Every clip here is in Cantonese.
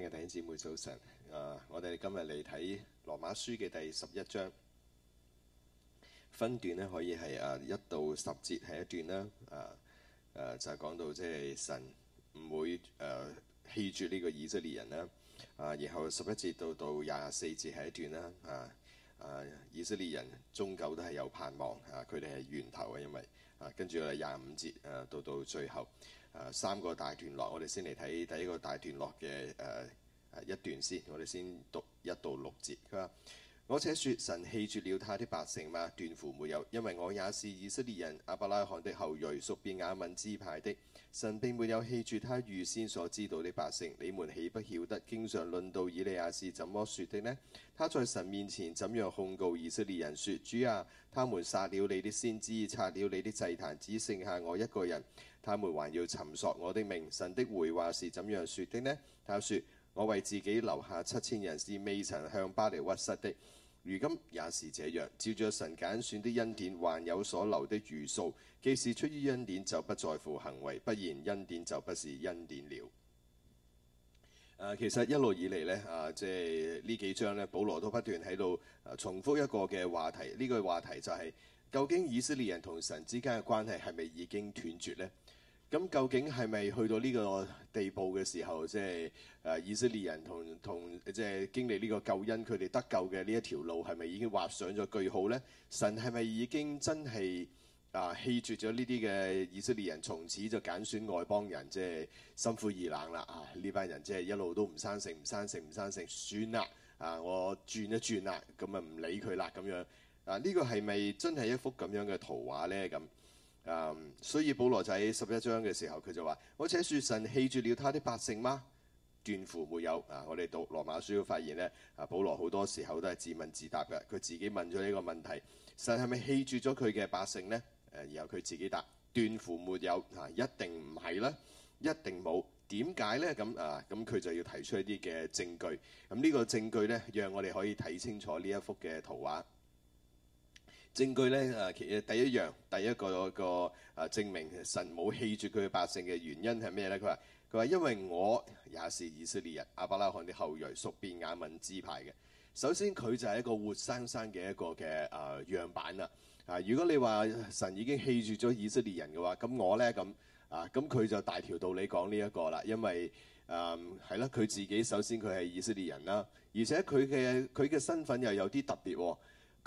嘅弟兄姊妹早晨，啊，我哋今日嚟睇羅馬書嘅第十一章，分段咧可以係啊一到十節係一段啦，啊誒、啊、就係講到即係神唔會誒、啊、棄絕呢個以色列人啦，啊然後十一節到到廿四節係一段啦，啊啊以色列人終究都係有盼望，啊佢哋係源頭啊，因為啊跟住我哋廿五節誒、啊、到到最後。三個大段落，我哋先嚟睇第一個大段落嘅誒、啊、一段先。我哋先讀一到六節。佢話：我且説神棄絕了他的百姓嘛。斷乎沒有，因為我也是以色列人，亞伯拉罕的後裔，屬便雅憫支派的。神並沒有棄絕他預先所知道的百姓。你們豈不曉得經常論到以利亞是怎麼說的呢？他在神面前怎樣控告以色列人，説：主啊，他們殺了你的先知，拆了你的祭壇，只剩下我一個人。他們還要尋索我的命。神的回話是怎樣說的呢？他說：我為自己留下七千人，是未曾向巴力屈膝的。如今也是這樣。照着神揀選的恩典，還有所留的餘數。既是出於恩典，就不在乎行為；不然，恩典就不是恩典了。啊，其實一路以嚟呢，啊，即係呢幾章呢，保羅都不斷喺度重複一個嘅話題。呢句話題就係、是、究竟以色列人同神之間嘅關係係咪已經斷絕呢？咁究竟係咪去到呢個地步嘅時候，即係誒以色列人同同即係經歷呢個救恩，佢哋得救嘅呢一條路係咪已經畫上咗句號呢？神係咪已經真係啊棄絕咗呢啲嘅以色列人，從此就揀選外邦人，即係心灰意冷啦啊！呢班人即係一路都唔生性，唔生性，唔生性，算啦啊！我轉一轉啦，咁啊唔理佢啦咁樣啊？呢個係咪真係一幅咁樣嘅圖畫呢？咁？誒，um, 所以保羅就喺十一章嘅時候，佢就話：我且説神棄絕了他的百姓嗎？斷乎沒有啊！我哋讀羅馬書要發現呢啊，保羅好多時候都係自問自答嘅，佢自己問咗呢個問題：神係咪棄絕咗佢嘅百姓呢？啊、然後佢自己答：斷乎沒有啊，一定唔係啦，一定冇。點解呢？咁啊，咁、啊、佢就要提出一啲嘅證據。咁、啊、呢、這個證據呢，讓我哋可以睇清楚呢一幅嘅圖畫。證據咧，誒，其實第一樣，第一個一個誒證明神冇棄絕佢嘅百姓嘅原因係咩呢？佢話，佢話因為我也是以色列人，亞伯拉罕嘅後裔，屬便雅憫支派嘅。首先佢就係一個活生生嘅一個嘅誒樣板啦。啊，如果你話神已經棄絕咗以色列人嘅話，咁我呢，咁啊，咁佢就大條道理講呢一個啦。因為誒係啦，佢、嗯、自己首先佢係以色列人啦，而且佢嘅佢嘅身份又有啲特別喎、哦。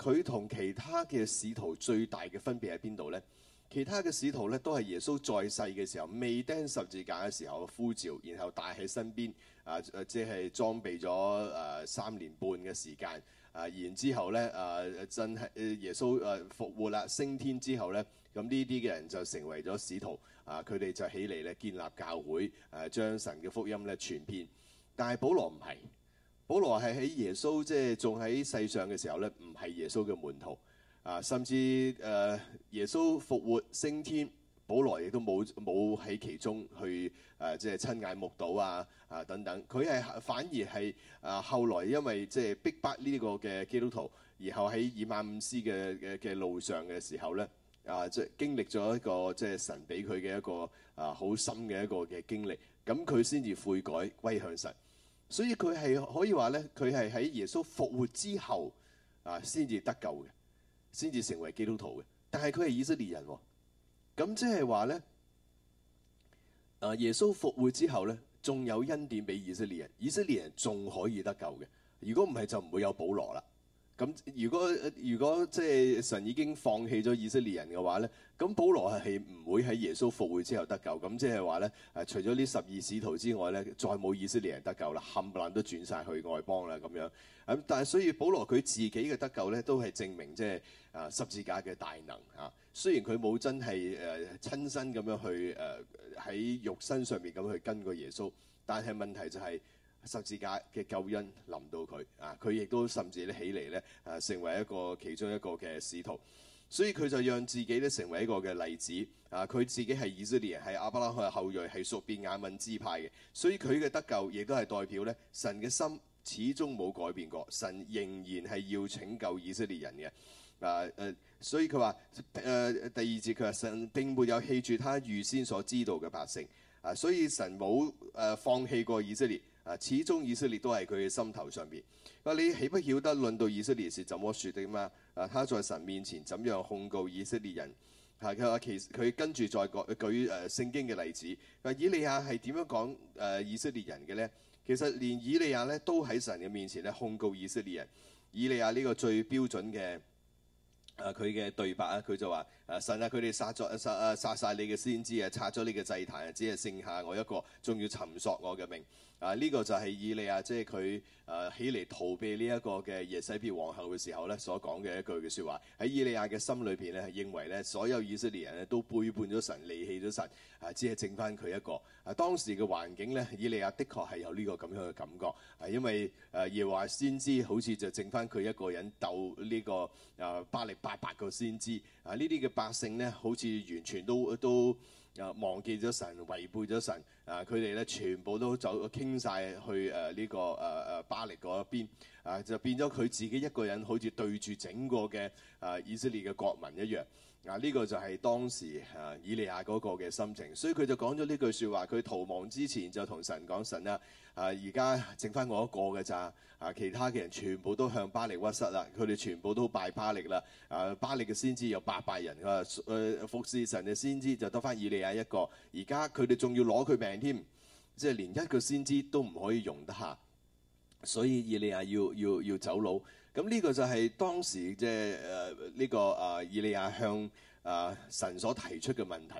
佢同其他嘅使徒最大嘅分別喺邊度呢？其他嘅使徒咧都係耶穌在世嘅時候未釘十字架嘅時候，呼召，然後帶喺身邊，啊，即係裝備咗啊三年半嘅時間，啊，然之後呢，啊，真係耶穌啊復活啦，升天之後呢，咁呢啲嘅人就成為咗使徒，啊，佢哋就起嚟咧建立教會，誒、啊，將神嘅福音咧傳遍，但係保羅唔係。保羅係喺耶穌即係、就是、仲喺世上嘅時候咧，唔係耶穌嘅門徒啊，甚至誒、啊、耶穌復活升天，保羅亦都冇冇喺其中去誒即係親眼目睹啊啊等等，佢係反而係啊後來因為即係、就是、逼迫呢個嘅基督徒，然後喺大馬士革嘅嘅嘅路上嘅時候咧啊即係、就是、經歷咗一個即係、就是、神俾佢嘅一個啊好深嘅一個嘅經歷，咁佢先至悔改歸向神。所以佢係可以話咧，佢係喺耶穌復活之後啊，先至得救嘅，先至成為基督徒嘅。但係佢係以色列人喎、哦，咁即係話咧，啊耶穌復活之後咧，仲有恩典俾以色列人，以色列人仲可以得救嘅。如果唔係就唔會有保羅啦。咁如果如果即係神已經放棄咗以色列人嘅話呢，咁保羅係唔會喺耶穌復活之後得救，咁即係話呢，誒，除咗呢十二使徒之外呢，再冇以色列人得救啦，冚唪唥都轉晒去外邦啦咁樣。咁但係所以保羅佢自己嘅得救呢，都係證明即係啊十字架嘅大能啊。雖然佢冇真係誒親身咁樣去誒喺肉身上面咁去跟過耶穌，但係問題就係、是。十字架嘅救恩臨到佢啊，佢亦都甚至咧起嚟咧，誒、呃，成為一個其中一個嘅使徒，所以佢就讓自己咧成為一個嘅例子啊。佢自己係以色列人，係亞伯拉罕後裔，係屬便雅憫支派嘅，所以佢嘅得救亦都係代表咧神嘅心始終冇改變過，神仍然係要拯救以色列人嘅啊。誒、呃，所以佢話誒，第二節佢話，神並沒有棄絕他預先所知道嘅百姓啊，所以神冇誒、呃、放棄過以色列。啊！始終以色列都係佢嘅心頭上邊。佢話你豈不曉得論到以色列是怎麼説的嘛？啊！他在神面前怎樣控告以色列人？係佢話其佢跟住再舉誒聖、呃、經嘅例子。以利亞係點樣講以色列人嘅呢？其實連以利亞咧都喺神嘅面前咧控告以色列人。以利亞呢個最標準嘅佢嘅對白啊，佢就話：啊神啊，佢哋殺咗殺殺曬你嘅先知啊，拆咗你嘅祭壇啊，只係剩下我一個，仲要尋索我嘅命。啊！呢、這個就係以利亞，即係佢誒起嚟逃避呢一個嘅耶洗別皇后嘅時候咧，所講嘅一句嘅説話。喺以利亞嘅心裏邊咧，認為咧所有以色列人咧都背叛咗神、離棄咗神，啊，只係剩翻佢一個。啊，當時嘅環境咧，以利亞的確係有呢個咁樣嘅感覺，係、啊、因為誒耶和華先知好似就剩翻佢一個人鬥呢、這個啊巴力八百嘅先知。啊，呢啲嘅百姓咧，好似完全都都。啊！忘記咗神，違背咗神啊！佢哋咧全部都走傾晒去誒呢、啊這個誒誒、啊、巴力嗰邊啊，就變咗佢自己一個人，好似對住整個嘅啊以色列嘅國民一樣。嗱，呢、啊呢個就係當時啊，以利亞嗰個嘅心情，所以佢就講咗呢句説話。佢逃亡之前就同神講：神啊，啊而家剩翻我一個㗎咋，啊其他嘅人全部都向巴力屈膝啦，佢哋全部都拜巴力啦。啊巴力嘅先知有八百人，佢、啊、話、呃、服侍神嘅先知就得翻以利亞一個。而家佢哋仲要攞佢命添，即係連一個先知都唔可以容得下，所以以利亞要要要，要走佬。咁呢個就係當時即係誒呢個啊、呃、以利亞向啊、呃、神所提出嘅問題。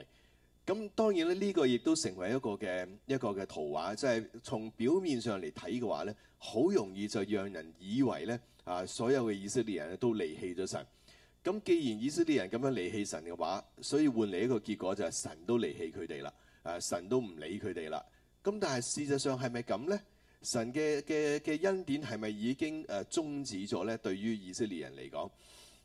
咁、嗯、當然咧，呢、這個亦都成為一個嘅一個嘅圖畫，即係從表面上嚟睇嘅話咧，好容易就讓人以為咧，啊所有嘅以色列人咧，都離棄咗神。咁、嗯、既然以色列人咁樣離棄神嘅話，所以換嚟一個結果就係神都離棄佢哋啦，誒、啊、神都唔理佢哋啦。咁、嗯、但係事實上係咪咁咧？神嘅嘅嘅恩典係咪已經誒、呃、終止咗呢？對於以色列人嚟講，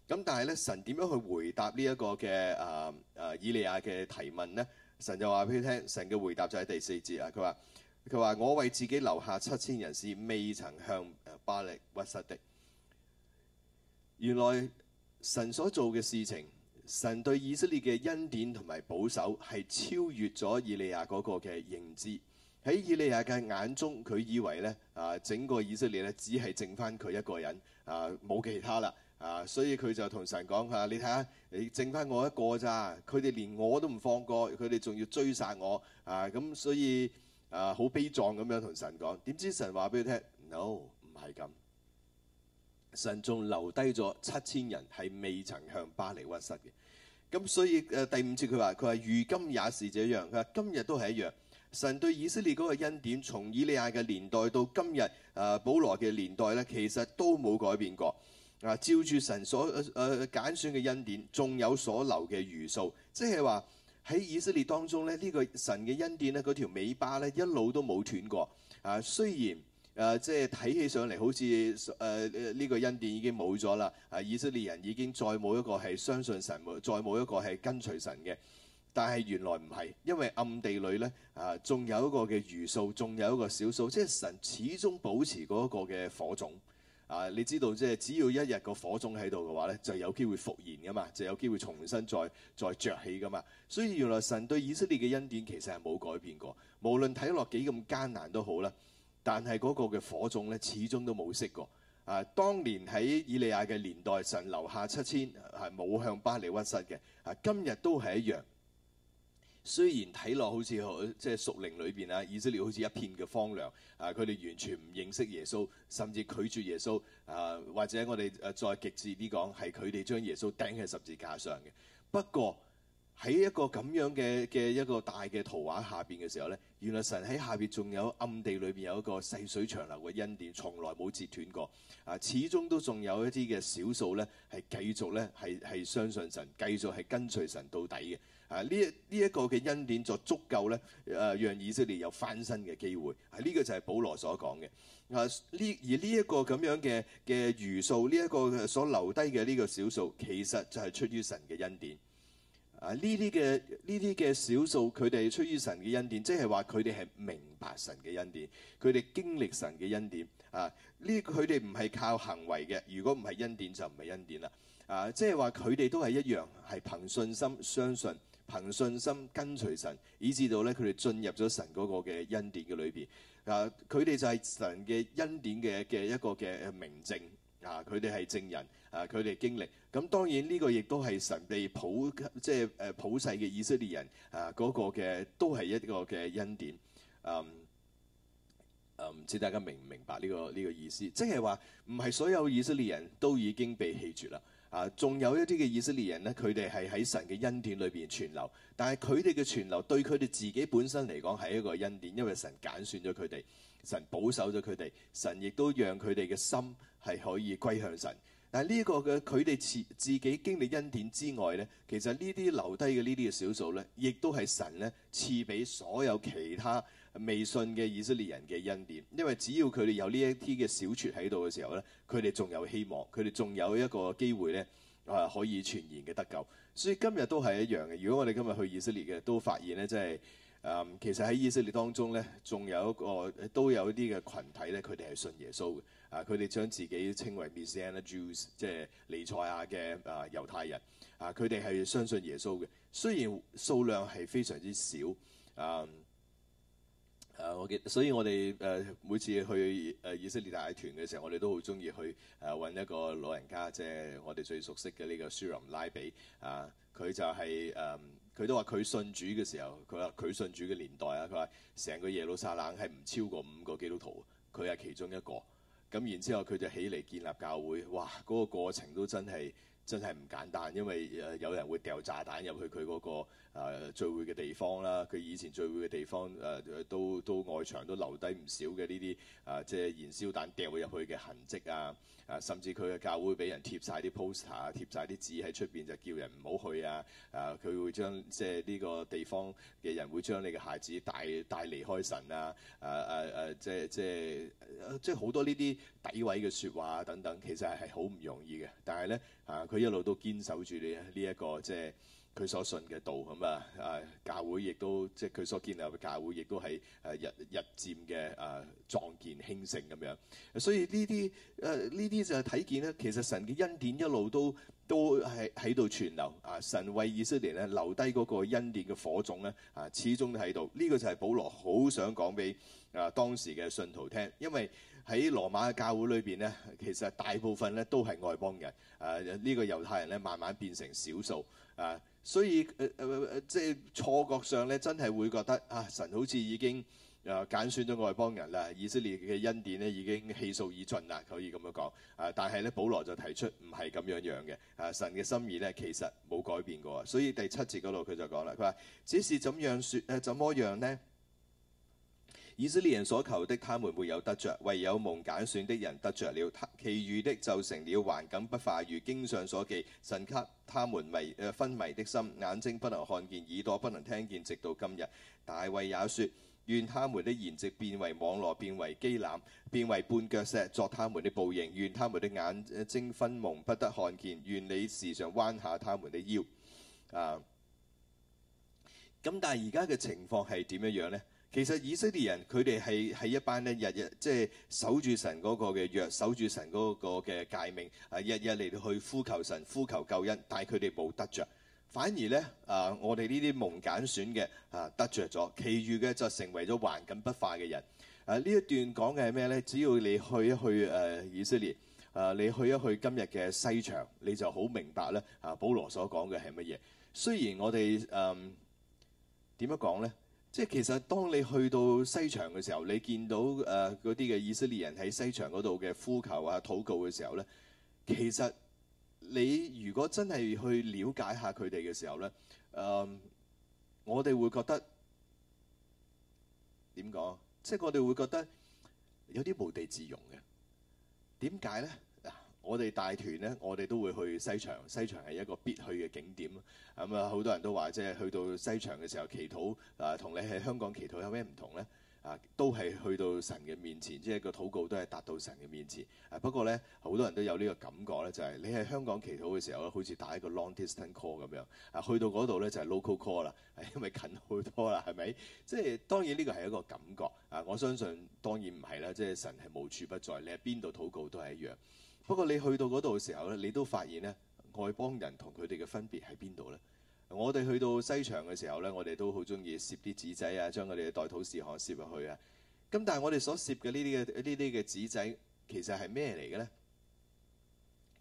咁但係呢神點樣去回答呢一個嘅誒誒以利亞嘅提問呢？神就話俾佢聽，神嘅回答就喺第四節啊。佢話，佢話，我為自己留下七千人是未曾向巴力屈膝的。原來神所做嘅事情，神對以色列嘅恩典同埋保守係超越咗以利亞嗰個嘅認知。喺以利亞嘅眼中，佢以為咧啊，整個以色列咧只係剩翻佢一個人啊，冇其他啦啊，所以佢就同神講嚇、啊：你睇下，你剩翻我一個咋？佢哋連我都唔放過，佢哋仲要追殺我啊！咁所以啊，好悲壯咁、no, 樣同神講。點知神話俾佢聽：No，唔係咁。神仲留低咗七千人係未曾向巴力屈膝嘅。咁、啊、所以誒、啊、第五次佢話：佢話：如今也是這樣。佢話：今日都係一樣。神對以色列嗰個恩典，從以利亞嘅年代到今日，誒、呃、保羅嘅年代咧，其實都冇改變過。啊，照住神所誒誒揀選嘅恩典，仲有所留嘅餘數，即係話喺以色列當中咧，呢、這個神嘅恩典咧，嗰條尾巴咧，一路都冇斷過。啊，雖然誒、呃、即係睇起上嚟好似誒誒呢個恩典已經冇咗啦，啊以色列人已經再冇一個係相信神，冇再冇一個係跟隨神嘅。但係原來唔係，因為暗地裏呢，啊，仲有一個嘅餘數，仲有一個少數，即係神始終保持嗰個嘅火種啊。你知道，即係只要一日個火種喺度嘅話呢，就有機會復燃噶嘛，就有機會重新再再著起噶嘛。所以原來神對以色列嘅恩典，其實係冇改變過，無論睇落幾咁艱難都好啦。但係嗰個嘅火種呢，始終都冇熄過啊。當年喺以利亞嘅年代，神留下七千係冇、啊、向巴力屈膝嘅啊，今日都係一樣。雖然睇落好似好即係屬靈裏邊啊，以色列好似一片嘅荒涼，啊佢哋完全唔認識耶穌，甚至拒絕耶穌，啊或者我哋誒再極致啲講係佢哋將耶穌釘喺十字架上嘅。不過喺一個咁樣嘅嘅一個大嘅圖畫下邊嘅時候咧，原來神喺下邊仲有暗地裏邊有一個細水長流嘅恩典，從來冇截斷過，啊始終都仲有一啲嘅少數咧係繼續咧係係相信神，繼續係跟隨神到底嘅。啊！呢一呢一個嘅恩典就足夠咧，誒、啊、讓以色列有翻身嘅機會。啊！呢、呢個就係保羅所講嘅。啊！呢而呢一個咁樣嘅嘅餘數，呢一個所留低嘅呢個少數，其實就係出於神嘅恩典。啊！呢啲嘅呢啲嘅少數，佢哋出於神嘅恩典，即係話佢哋係明白神嘅恩典，佢哋經歷神嘅恩典。啊！呢佢哋唔係靠行為嘅，如果唔係恩典就唔係恩典啦。啊！即係話佢哋都係一樣，係憑信心相信。憑信心跟隨神，以至到咧佢哋進入咗神嗰個嘅恩典嘅裏邊。啊，佢哋就係神嘅恩典嘅嘅一個嘅明證。啊，佢哋係證人。啊，佢哋經歷。咁、啊、當然呢個亦都係神被普即係誒普世嘅以色列人啊嗰、那個嘅都係一個嘅恩典。嗯、啊、誒，唔、啊、知大家明唔明白呢、這個呢、這個意思？即係話唔係所有以色列人都已經被棄絕啦。啊，仲有一啲嘅以色列人呢，佢哋係喺神嘅恩典裏邊存留，但係佢哋嘅存留對佢哋自己本身嚟講係一個恩典，因為神揀選咗佢哋，神保守咗佢哋，神亦都讓佢哋嘅心係可以歸向神。但係呢個嘅佢哋自自己經歷恩典之外呢，其實呢啲留低嘅呢啲嘅小數呢，亦都係神呢，賜俾所有其他，未信嘅以色列人嘅恩典，因為只要佢哋有呢一啲嘅小撮喺度嘅時候呢，佢哋仲有希望，佢哋仲有一個機會呢，啊可以全然嘅得救。所以今日都係一樣嘅。如果我哋今日去以色列嘅，都發現呢，即係，誒、嗯，其實喺以色列當中呢，仲有一個都有一啲嘅群體呢，佢哋係信耶穌嘅。啊，佢哋將自己稱為 Messianic Jews，即係彌賽亞嘅啊猶太人。啊，佢哋係相信耶穌嘅，雖然數量係非常之少，啊、嗯。啊，uh, 我記得，所以我哋誒、uh, 每次去誒、uh, 以色列大團嘅時候，我哋都好中意去誒揾、uh, 一個老人家，即係我哋最熟悉嘅呢個舒林、um, 拉比啊。佢、uh, 就係、是、誒，佢、um, 都話佢信主嘅時候，佢話佢信主嘅年代啊，佢話成個耶路撒冷係唔超過五個基督徒，佢係其中一個。咁然之後佢就起嚟建立教會，哇！嗰、那個過程都真係～真係唔簡單，因為誒有人會掉炸彈入去佢嗰個誒聚會嘅地方啦。佢以前聚會嘅地方誒、呃、都都外牆都留低唔少嘅呢啲誒，即係燃燒彈掉入去嘅痕跡啊！誒、啊，甚至佢嘅教會俾人貼晒啲 poster 啊，貼晒啲字喺出邊就叫人唔好去啊！誒、啊，佢會將即係呢個地方嘅人會將你嘅孩子帶帶離開神啊！誒誒誒，即係即係即係好多呢啲詆毀嘅説話等等，其實係係好唔容易嘅。但係咧。啊！佢一路都堅守住你呢一個，即係。佢所信嘅道咁啊！啊，教會亦都即係佢所建立嘅教會亦都係誒日日漸嘅誒壯健興盛咁樣，所以呢啲誒呢啲就係睇見咧，其實神嘅恩典一路都都係喺度存留啊！神為以色列咧留低嗰個恩典嘅火種咧啊，始終都喺度。呢個就係保羅好想講俾啊當時嘅信徒聽，因為喺羅馬嘅教會裏邊咧，其實大部分咧都係外邦人啊，呢個猶太人咧慢慢變成少數。啊。所以誒誒誒，即係錯覺上咧，真係會覺得啊，神好似已經誒揀、呃、選咗外邦人啦，以色列嘅恩典咧已經氣數已盡啦，可以咁樣講啊。但係咧，保羅就提出唔係咁樣樣嘅啊，神嘅心意咧其實冇改變過啊。所以第七節嗰度佢就講啦，佢話只是怎樣説誒、啊，怎麼樣呢？」以色列人所求的，他們沒有得着；唯有蒙揀選的人得着了，其餘的就成了環境不化。如經上所記，神給他們迷、呃、昏迷的心，眼睛不能看見，耳朵不能聽見，直到今日。大衛也說：願他們的筵席變為網羅，變為機檻，變為絆腳石，作他們的報應；願他們的眼睛昏蒙，不得看見；願你時常彎下他們的腰。啊，咁但係而家嘅情況係點樣樣呢？其實以色列人佢哋係係一班咧，日日即係、就是、守住神嗰個嘅約，守住神嗰個嘅誡命，啊日日嚟到去呼求神、呼求救恩，但係佢哋冇得着。反而咧啊，我哋呢啲蒙揀選嘅啊得着咗，其餘嘅就成為咗頑梗不化嘅人。啊呢一段講嘅係咩咧？只要你去一去誒、啊、以色列，啊你去一去今日嘅西牆，你就好明白咧啊。保羅所講嘅係乜嘢？雖然我哋誒點樣講咧？啊即係其實當你去到西牆嘅時候，你見到誒啲嘅以色列人喺西牆度嘅呼求啊、禱告嘅時候咧，其實你如果真係去了解下佢哋嘅時候咧，誒、呃、我哋會覺得點講？即係我哋會覺得有啲無地自容嘅。點解咧？我哋大團呢，我哋都會去西牆。西牆係一個必去嘅景點。咁、嗯、啊，好多人都話，即係去到西牆嘅時候祈禱啊，同你喺香港祈禱有咩唔同呢？啊，都係去到神嘅面前，即係個禱告都係達到神嘅面前、啊。不過呢，好多人都有呢個感覺呢就係、是、你喺香港祈禱嘅時候好似打一個 long distance call 咁樣啊，去到嗰度呢，就係、是、local call 啦、哎，因為近好多啦，係咪？即係當然呢個係一個感覺啊。我相信當然唔係啦，即係神係無處不在，你喺邊度禱告都係一樣。不過你去到嗰度嘅時候咧，你都發現咧外邦人同佢哋嘅分別喺邊度咧？我哋去到西牆嘅時候咧，我哋都好中意攝啲紙仔啊，將佢哋嘅代禱事項攝入去啊。咁但係我哋所攝嘅呢啲嘅呢啲嘅紙仔，其實係咩嚟嘅咧？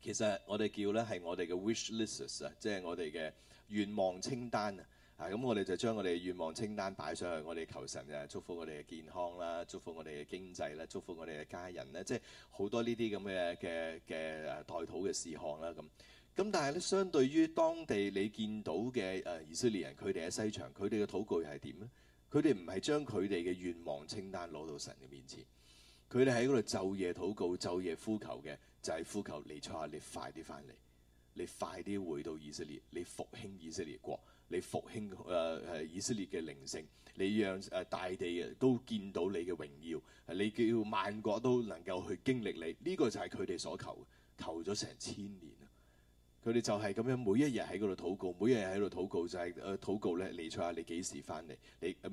其實我哋叫咧係我哋嘅 wish list 啊，即係我哋嘅願望清單啊。啊！咁、嗯、我哋就將我哋嘅願望清單擺上去，我哋求神誒祝福我哋嘅健康啦，祝福我哋嘅經濟啦，祝福我哋嘅家人啦。即係好多這這呢啲咁嘅嘅嘅誒代禱嘅事項啦。咁咁但係咧，相對於當地你見到嘅誒、呃、以色列人，佢哋喺西牆，佢哋嘅禱告係點呢？佢哋唔係將佢哋嘅願望清單攞到神嘅面前，佢哋喺嗰度晝夜禱告、晝夜呼求嘅就係、是、呼求：你坐下，你快啲翻嚟，你快啲回到以色列，你復興以色列國。你復興誒誒以色列嘅靈性，你讓誒大地啊都見到你嘅榮耀，你叫萬國都能夠去經歷你，呢個就係佢哋所求，求咗成千年。佢哋就係咁樣，每一日喺嗰度禱告，每一日喺度禱告，就係誒禱告咧。你錯啊！你幾時翻嚟？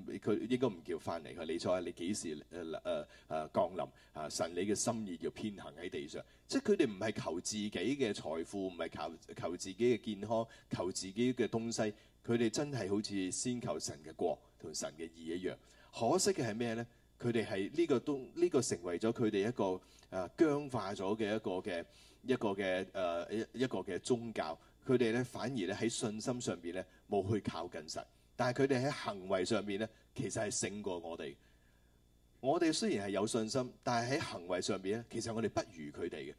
你佢應該唔叫翻嚟，佢你錯啊！你幾時誒誒誒降臨啊？神，你嘅心意要偏行喺地上，即係佢哋唔係求自己嘅財富，唔係求求自己嘅健康，求自己嘅東西。佢哋真係好似先求神嘅國同神嘅義一樣。可惜嘅係咩咧？佢哋係呢個都呢個成為咗佢哋一個誒僵化咗嘅一個嘅。一個嘅誒一一個嘅宗教，佢哋咧反而咧喺信心上邊咧冇去靠近神，但係佢哋喺行為上邊咧其實係勝過我哋。我哋雖然係有信心，但係喺行為上邊咧其實我哋不如佢哋嘅。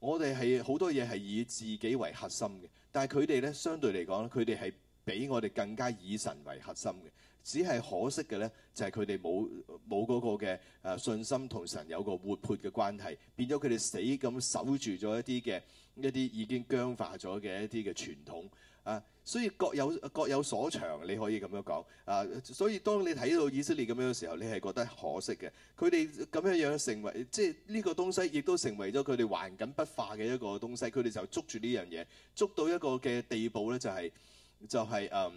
我哋係好多嘢係以自己為核心嘅，但係佢哋咧相對嚟講咧，佢哋係比我哋更加以神為核心嘅。只係可惜嘅呢，就係佢哋冇冇嗰個嘅誒信心同神有個活潑嘅關係，變咗佢哋死咁守住咗一啲嘅一啲已經僵化咗嘅一啲嘅傳統啊，所以各有各有所長，你可以咁樣講啊。所以當你睇到以色列咁樣嘅時候，你係覺得可惜嘅。佢哋咁樣樣成為即係呢個東西，亦都成為咗佢哋環境不化嘅一個東西。佢哋就捉住呢樣嘢，捉到一個嘅地步呢，就係就係誒。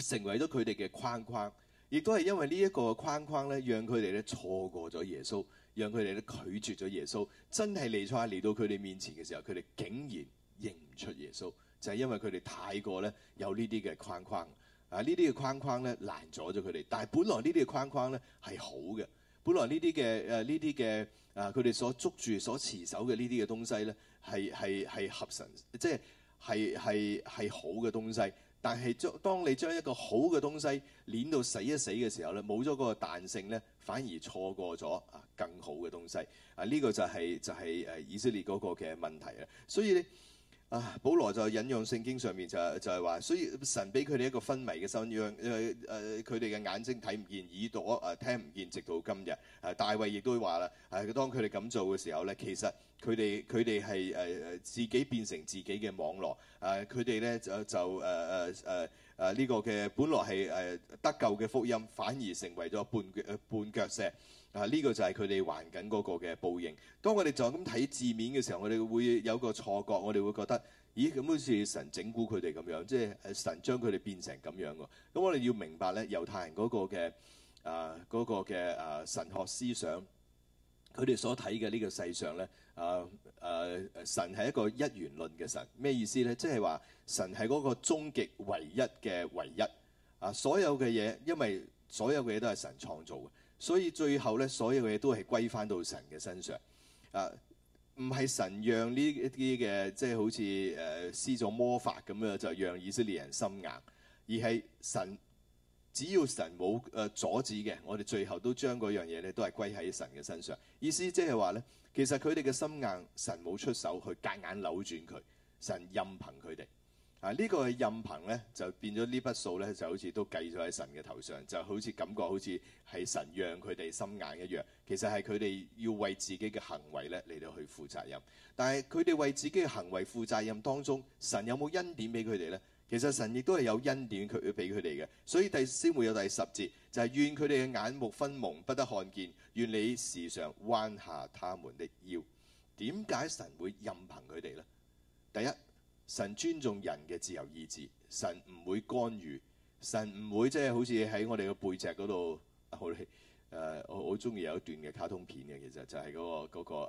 成為咗佢哋嘅框框，亦都係因為呢一個框框咧，讓佢哋咧錯過咗耶穌，讓佢哋咧拒絕咗耶穌。真係嚟出嚟到佢哋面前嘅時候，佢哋竟然認唔出耶穌，就係、是、因為佢哋太過咧有呢啲嘅框框啊！呢啲嘅框框咧攔阻咗佢哋。但係本來呢啲嘅框框咧係好嘅，本來呢啲嘅誒呢啲嘅啊佢哋、啊、所捉住、所持守嘅呢啲嘅東西咧係係係合神，即係係係係好嘅東西。但係將當你將一個好嘅東西捻到死一死嘅時候呢，冇咗嗰個彈性呢，反而錯過咗啊更好嘅東西啊！呢個就係、就係、誒以色列嗰個嘅問題啊！所以。啊，保羅就引用聖經上面就係就係、是、話，所以神俾佢哋一個昏迷嘅心樣，誒誒佢哋嘅眼睛睇唔見，耳朵誒聽唔見，直到今日。誒、呃，大衛亦都話啦，誒、啊、當佢哋咁做嘅時候咧，其實佢哋佢哋係誒誒自己變成自己嘅網羅。誒、呃，佢哋咧就就誒誒誒誒呢個嘅本來係誒、呃、得救嘅福音，反而成為咗絆腳絆腳石。啊！呢個就係佢哋還緊嗰個嘅報應。當我哋就咁睇字面嘅時候，我哋會有個錯覺，我哋會覺得，咦？咁好似神整蠱佢哋咁樣，即係神將佢哋變成咁樣㗎。咁我哋要明白咧，猶太人嗰個嘅啊嗰個嘅啊神學思想，佢哋所睇嘅呢個世上咧，啊啊神係一個一元論嘅神，咩意思咧？即係話神係嗰個終極唯一嘅唯一啊！所有嘅嘢，因為所有嘅嘢都係神創造嘅。所以最後咧，所有嘅嘢都係歸翻到神嘅身上啊！呃、唔係神讓呢一啲嘅，即係好似誒施咗魔法咁樣，就讓以色列人心硬，而係神只要神冇誒、呃、阻止嘅，我哋最後都將嗰樣嘢咧都係歸喺神嘅身上。意思即係話咧，其實佢哋嘅心硬，神冇出手去隔硬硬扭轉佢，神任憑佢哋。啊！呢、呢個係任憑呢就變咗呢筆數呢就好似都計咗喺神嘅頭上，就好似感覺好似係神讓佢哋心眼一樣。其實係佢哋要為自己嘅行為咧嚟到去負責任。但係佢哋為自己嘅行為負責任當中，神有冇恩典俾佢哋呢？其實神亦都係有恩典佢俾佢哋嘅。所以第先會有第十節，就係、是、願佢哋嘅眼目昏蒙，不得看見；願你時常彎下他們的腰。點解神會任憑佢哋呢？第一。神尊重人嘅自由意志，神唔會干預，神唔會即係、就是、好似喺我哋嘅背脊度。好、呃、誒，我好中意有一段嘅卡通片嘅，其實就係、嗰個、嗰個誒誒、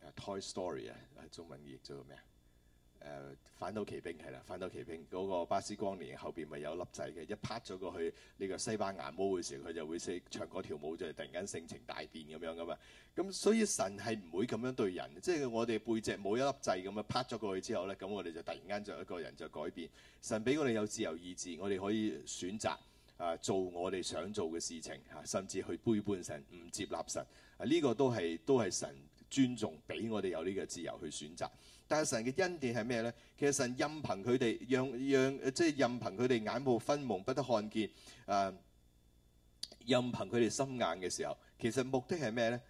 呃、Toy Story 啊，中文譯做咩啊？誒反斗奇兵係啦，反斗奇兵嗰、那個巴斯光年後邊咪有粒掣嘅，一拍咗過去呢、這個西班牙帽嘅時候，佢就會識唱歌跳舞，就突然間性情大變咁樣噶嘛。咁所以神係唔會咁樣對人，即係我哋背脊冇一粒掣咁樣，拍咗過去之後呢，咁我哋就突然間就一個人就改變。神俾我哋有自由意志，我哋可以選擇啊做我哋想做嘅事情嚇、啊，甚至去背叛神、唔接納神啊。呢、這個都係都係神尊重俾我哋有呢個自由去選擇。但係神嘅恩典係咩咧？其實神任憑佢哋，讓讓即係任憑佢哋眼目昏矇，不得看見；誒、啊，任憑佢哋心眼嘅時候，其實目的係咩咧？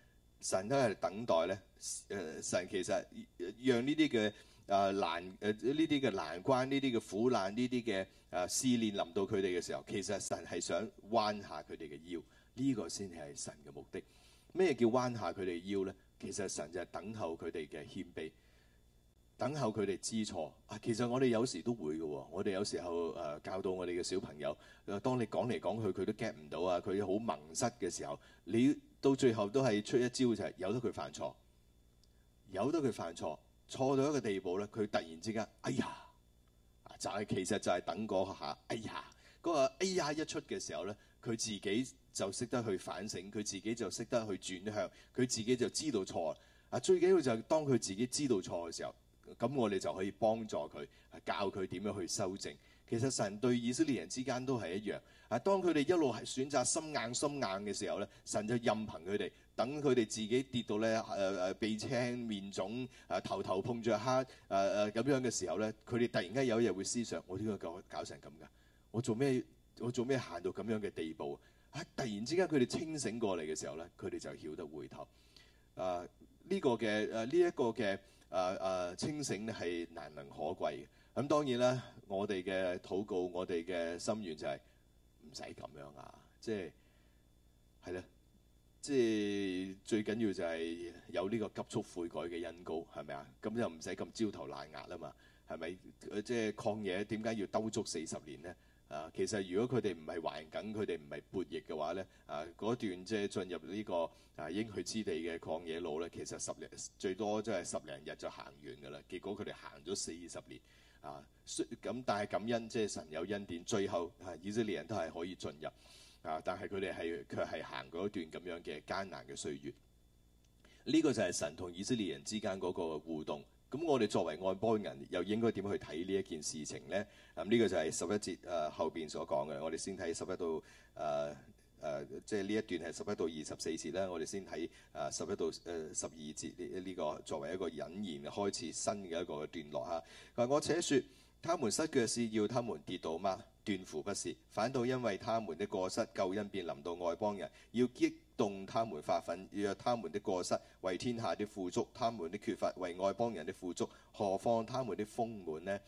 神都係等待咧。誒、呃，神其實讓呢啲嘅誒難誒呢啲嘅難關、呢啲嘅苦難、呢啲嘅誒試煉臨到佢哋嘅時候，其實神係想彎下佢哋嘅腰，呢、這個先係神嘅目的。咩叫彎下佢哋腰咧？其實神就係等候佢哋嘅謙卑。等候佢哋知錯啊！其實我哋有時都會嘅、哦。我哋有時候誒、呃、教導我哋嘅小朋友，當你講嚟講去佢都 get 唔到啊，佢好矇塞嘅時候，你到最後都係出一招就係、是、由得佢犯錯，由得佢犯錯，錯到一個地步咧，佢突然之間哎呀啊，就係其實就係等嗰下哎呀嗰、那個哎呀一出嘅時候咧，佢自己就識得去反省，佢自己就識得去轉向，佢自己就知道錯啊，最緊要就係當佢自己知道錯嘅時候。咁我哋就可以幫助佢，教佢點樣去修正。其實神對以色列人之間都係一樣。啊，當佢哋一路係選擇心硬心硬嘅時候咧，神就任憑佢哋。等佢哋自己跌到咧誒誒鼻青面腫，誒、呃、頭頭碰着黑誒誒咁樣嘅時候咧，佢哋突然間有日會思想： 我點解搞搞成咁㗎？我做咩？我做咩行到咁樣嘅地步啊？突然之間佢哋清醒過嚟嘅時候咧，佢哋就曉得回頭。啊、呃，呢、這個嘅誒呢一個嘅。這個誒誒清醒咧係難能可貴嘅，咁當然啦，我哋嘅禱告，我哋嘅心願就係唔使咁樣啊，即係係啦，即係最緊要就係有呢個急速悔改嘅恩膏，係咪啊？咁就唔使咁焦頭爛額啦嘛，係咪？誒即係曠野點解要兜足四十年咧？啊，其實如果佢哋唔係頑梗，佢哋唔係悖逆嘅話咧，啊段即係進入呢、這個啊應許之地嘅曠野路咧，其實十零最多即係十零日就行完㗎喇。結果佢哋行咗四十年啊，咁但係感恩即係神有恩典，最後啊以色列人都係可以進入啊，但係佢哋係卻係行段咁樣嘅艱難嘅歲月。呢、這個就係神同以色列人之間嗰個互動。咁我哋作為外邦人，又應該點去睇呢一件事情呢？咁、嗯、呢、這個就係十一節誒後邊所講嘅。我哋先睇十一到誒誒、呃呃，即係呢一段係十一到二十四節啦。我哋先睇誒十一到誒十二節呢呢個作為一個引言開始新嘅一個段落嚇。嗱，我且説，他們失腳是要他們跌倒嗎？斷乎不是，反倒因為他們的過失，救恩便臨到外邦人，要激。動他們發憤，若他們的過失為天下啲富足，他們的缺乏為外邦人的富足，何況他們的豐滿呢？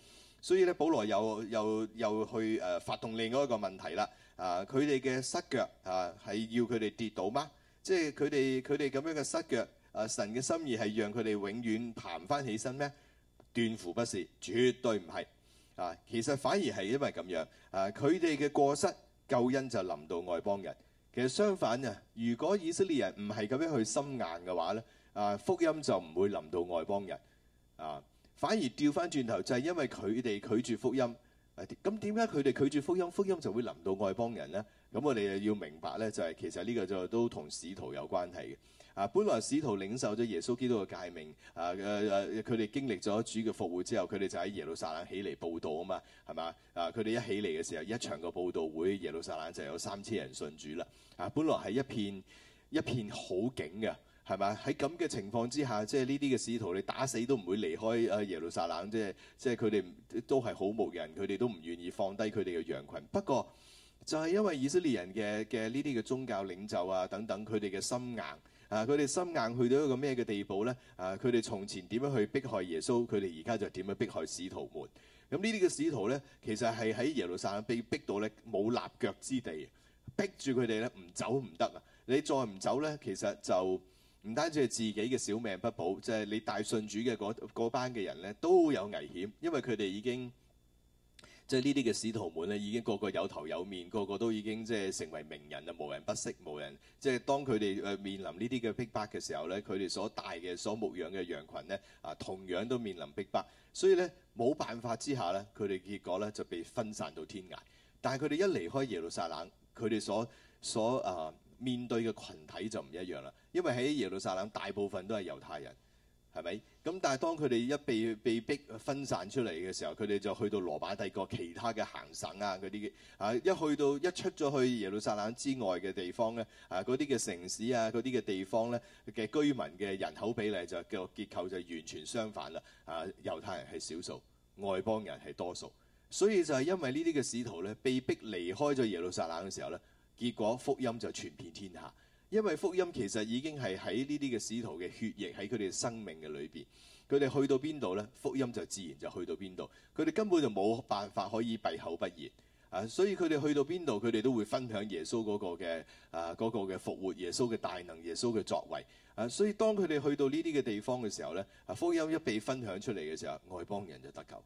所以咧，保羅又又又去誒發動另外一個問題啦。啊，佢哋嘅失腳啊係要佢哋跌倒嗎？即係佢哋佢哋咁樣嘅失腳，誒神嘅心意係讓佢哋永遠彈翻起身咩？斷乎不是，絕對唔係。啊，其實反而係因為咁樣，啊佢哋嘅過失救恩就臨到外邦人。其實相反啊，如果以色列人唔係咁樣去心硬嘅話咧，啊福音就唔會臨到外邦人啊，反而調翻轉頭就係因為佢哋拒絕福音。咁點解佢哋拒絕福音，福音就會臨到外邦人呢？咁我哋要明白呢，就係其實呢個就都同使徒有關係嘅。本來使徒領受咗耶穌基督嘅誡命，啊佢哋、啊、經歷咗主嘅復活之後，佢哋就喺耶路撒冷起嚟報道啊嘛，係嘛啊？佢哋一起嚟嘅時候，一場嘅報道會，耶路撒冷就有三千人信主啦。啊，本來係一片一片好景嘅，係嘛？喺咁嘅情況之下，即係呢啲嘅使徒，你打死都唔會離開啊耶路撒冷。即係即係佢哋都係好牧人，佢哋都唔願意放低佢哋嘅羊群。不過就係因為以色列人嘅嘅呢啲嘅宗教領袖啊等等，佢哋嘅心硬。啊！佢哋心硬去到一個咩嘅地步咧？啊！佢哋從前點樣去迫害耶穌，佢哋而家就點樣迫害使徒們。咁呢啲嘅使徒咧，其實係喺耶路撒冷被逼到咧冇立腳之地，逼住佢哋咧唔走唔得啊！你再唔走咧，其實就唔單止係自己嘅小命不保，即係你大信主嘅嗰班嘅人咧都有危險，因為佢哋已經。即係呢啲嘅使徒們咧，已經個個有頭有面，個個都已經即係成為名人啊！無人不識，無人即係當佢哋誒面臨呢啲嘅逼迫嘅時候咧，佢哋所帶嘅、所牧養嘅羊群咧，啊同樣都面臨逼迫，迫，迫，所以咧冇辦法之下咧，佢哋結果咧就被分散到天涯。但係佢哋一離開耶路撒冷，佢哋所所啊面對嘅群體就唔一樣啦，因為喺耶路撒冷大部分都係猶太人。係咪？咁但係當佢哋一被被逼分散出嚟嘅時候，佢哋就去到羅馬帝國其他嘅行省啊，嗰啲啊一去到一出咗去耶路撒冷之外嘅地方咧，啊嗰啲嘅城市啊，嗰啲嘅地方咧嘅、啊、居民嘅人口比例就個結構就完全相反啦。啊，猶太人係少數，外邦人係多數。所以就係因為呢啲嘅使徒咧被逼離開咗耶路撒冷嘅時候咧，結果福音就傳遍天下。因為福音其實已經係喺呢啲嘅使徒嘅血液，喺佢哋生命嘅裏邊，佢哋去到邊度咧，福音就自然就去到邊度。佢哋根本就冇辦法可以閉口不言啊，所以佢哋去到邊度，佢哋都會分享耶穌嗰個嘅啊嗰個嘅復活、耶穌嘅大能、耶穌嘅作為啊。所以當佢哋去到呢啲嘅地方嘅時候咧，啊福音一被分享出嚟嘅時候，外邦人就得救。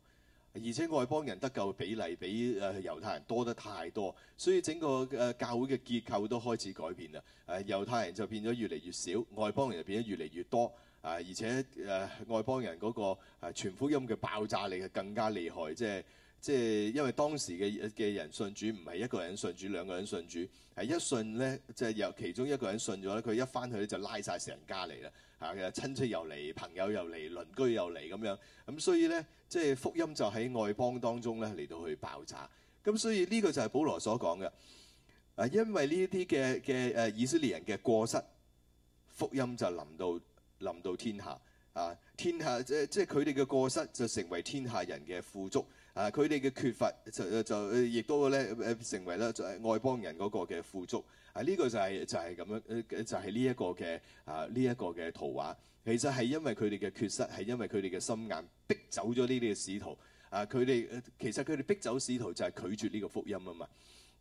而且外邦人得救比例比誒、呃、猶太人多得太多，所以整個誒、呃、教會嘅結構都開始改變啦。誒、呃、猶太人就變咗越嚟越少，外邦人就變咗越嚟越多。啊、呃，而且誒、呃、外邦人嗰、那個傳福、呃、音嘅爆炸力係更加厲害，即係。即係因為當時嘅嘅人信主唔係一個人信主，兩個人信主係一信咧，即係由其中一個人信咗咧，佢一返去咧就拉晒成家嚟啦嚇，親戚又嚟，朋友又嚟，鄰居又嚟咁樣咁，所以咧即係福音就喺外邦當中咧嚟到去爆炸。咁所以呢個就係保羅所講嘅啊，因為呢啲嘅嘅誒以色列人嘅過失，福音就臨到臨到天下啊，天下即即係佢哋嘅過失就成為天下人嘅富足。啊！佢哋嘅缺乏就就亦都咧，成為咧就外邦人嗰個嘅富足。啊！呢個就係就係咁樣，就係呢一個嘅啊呢一個嘅圖畫。其實係因為佢哋嘅缺失，係因為佢哋嘅心眼逼走咗呢啲嘅使徒。啊！佢哋其實佢哋逼走使徒就係拒絕呢個福音啊嘛，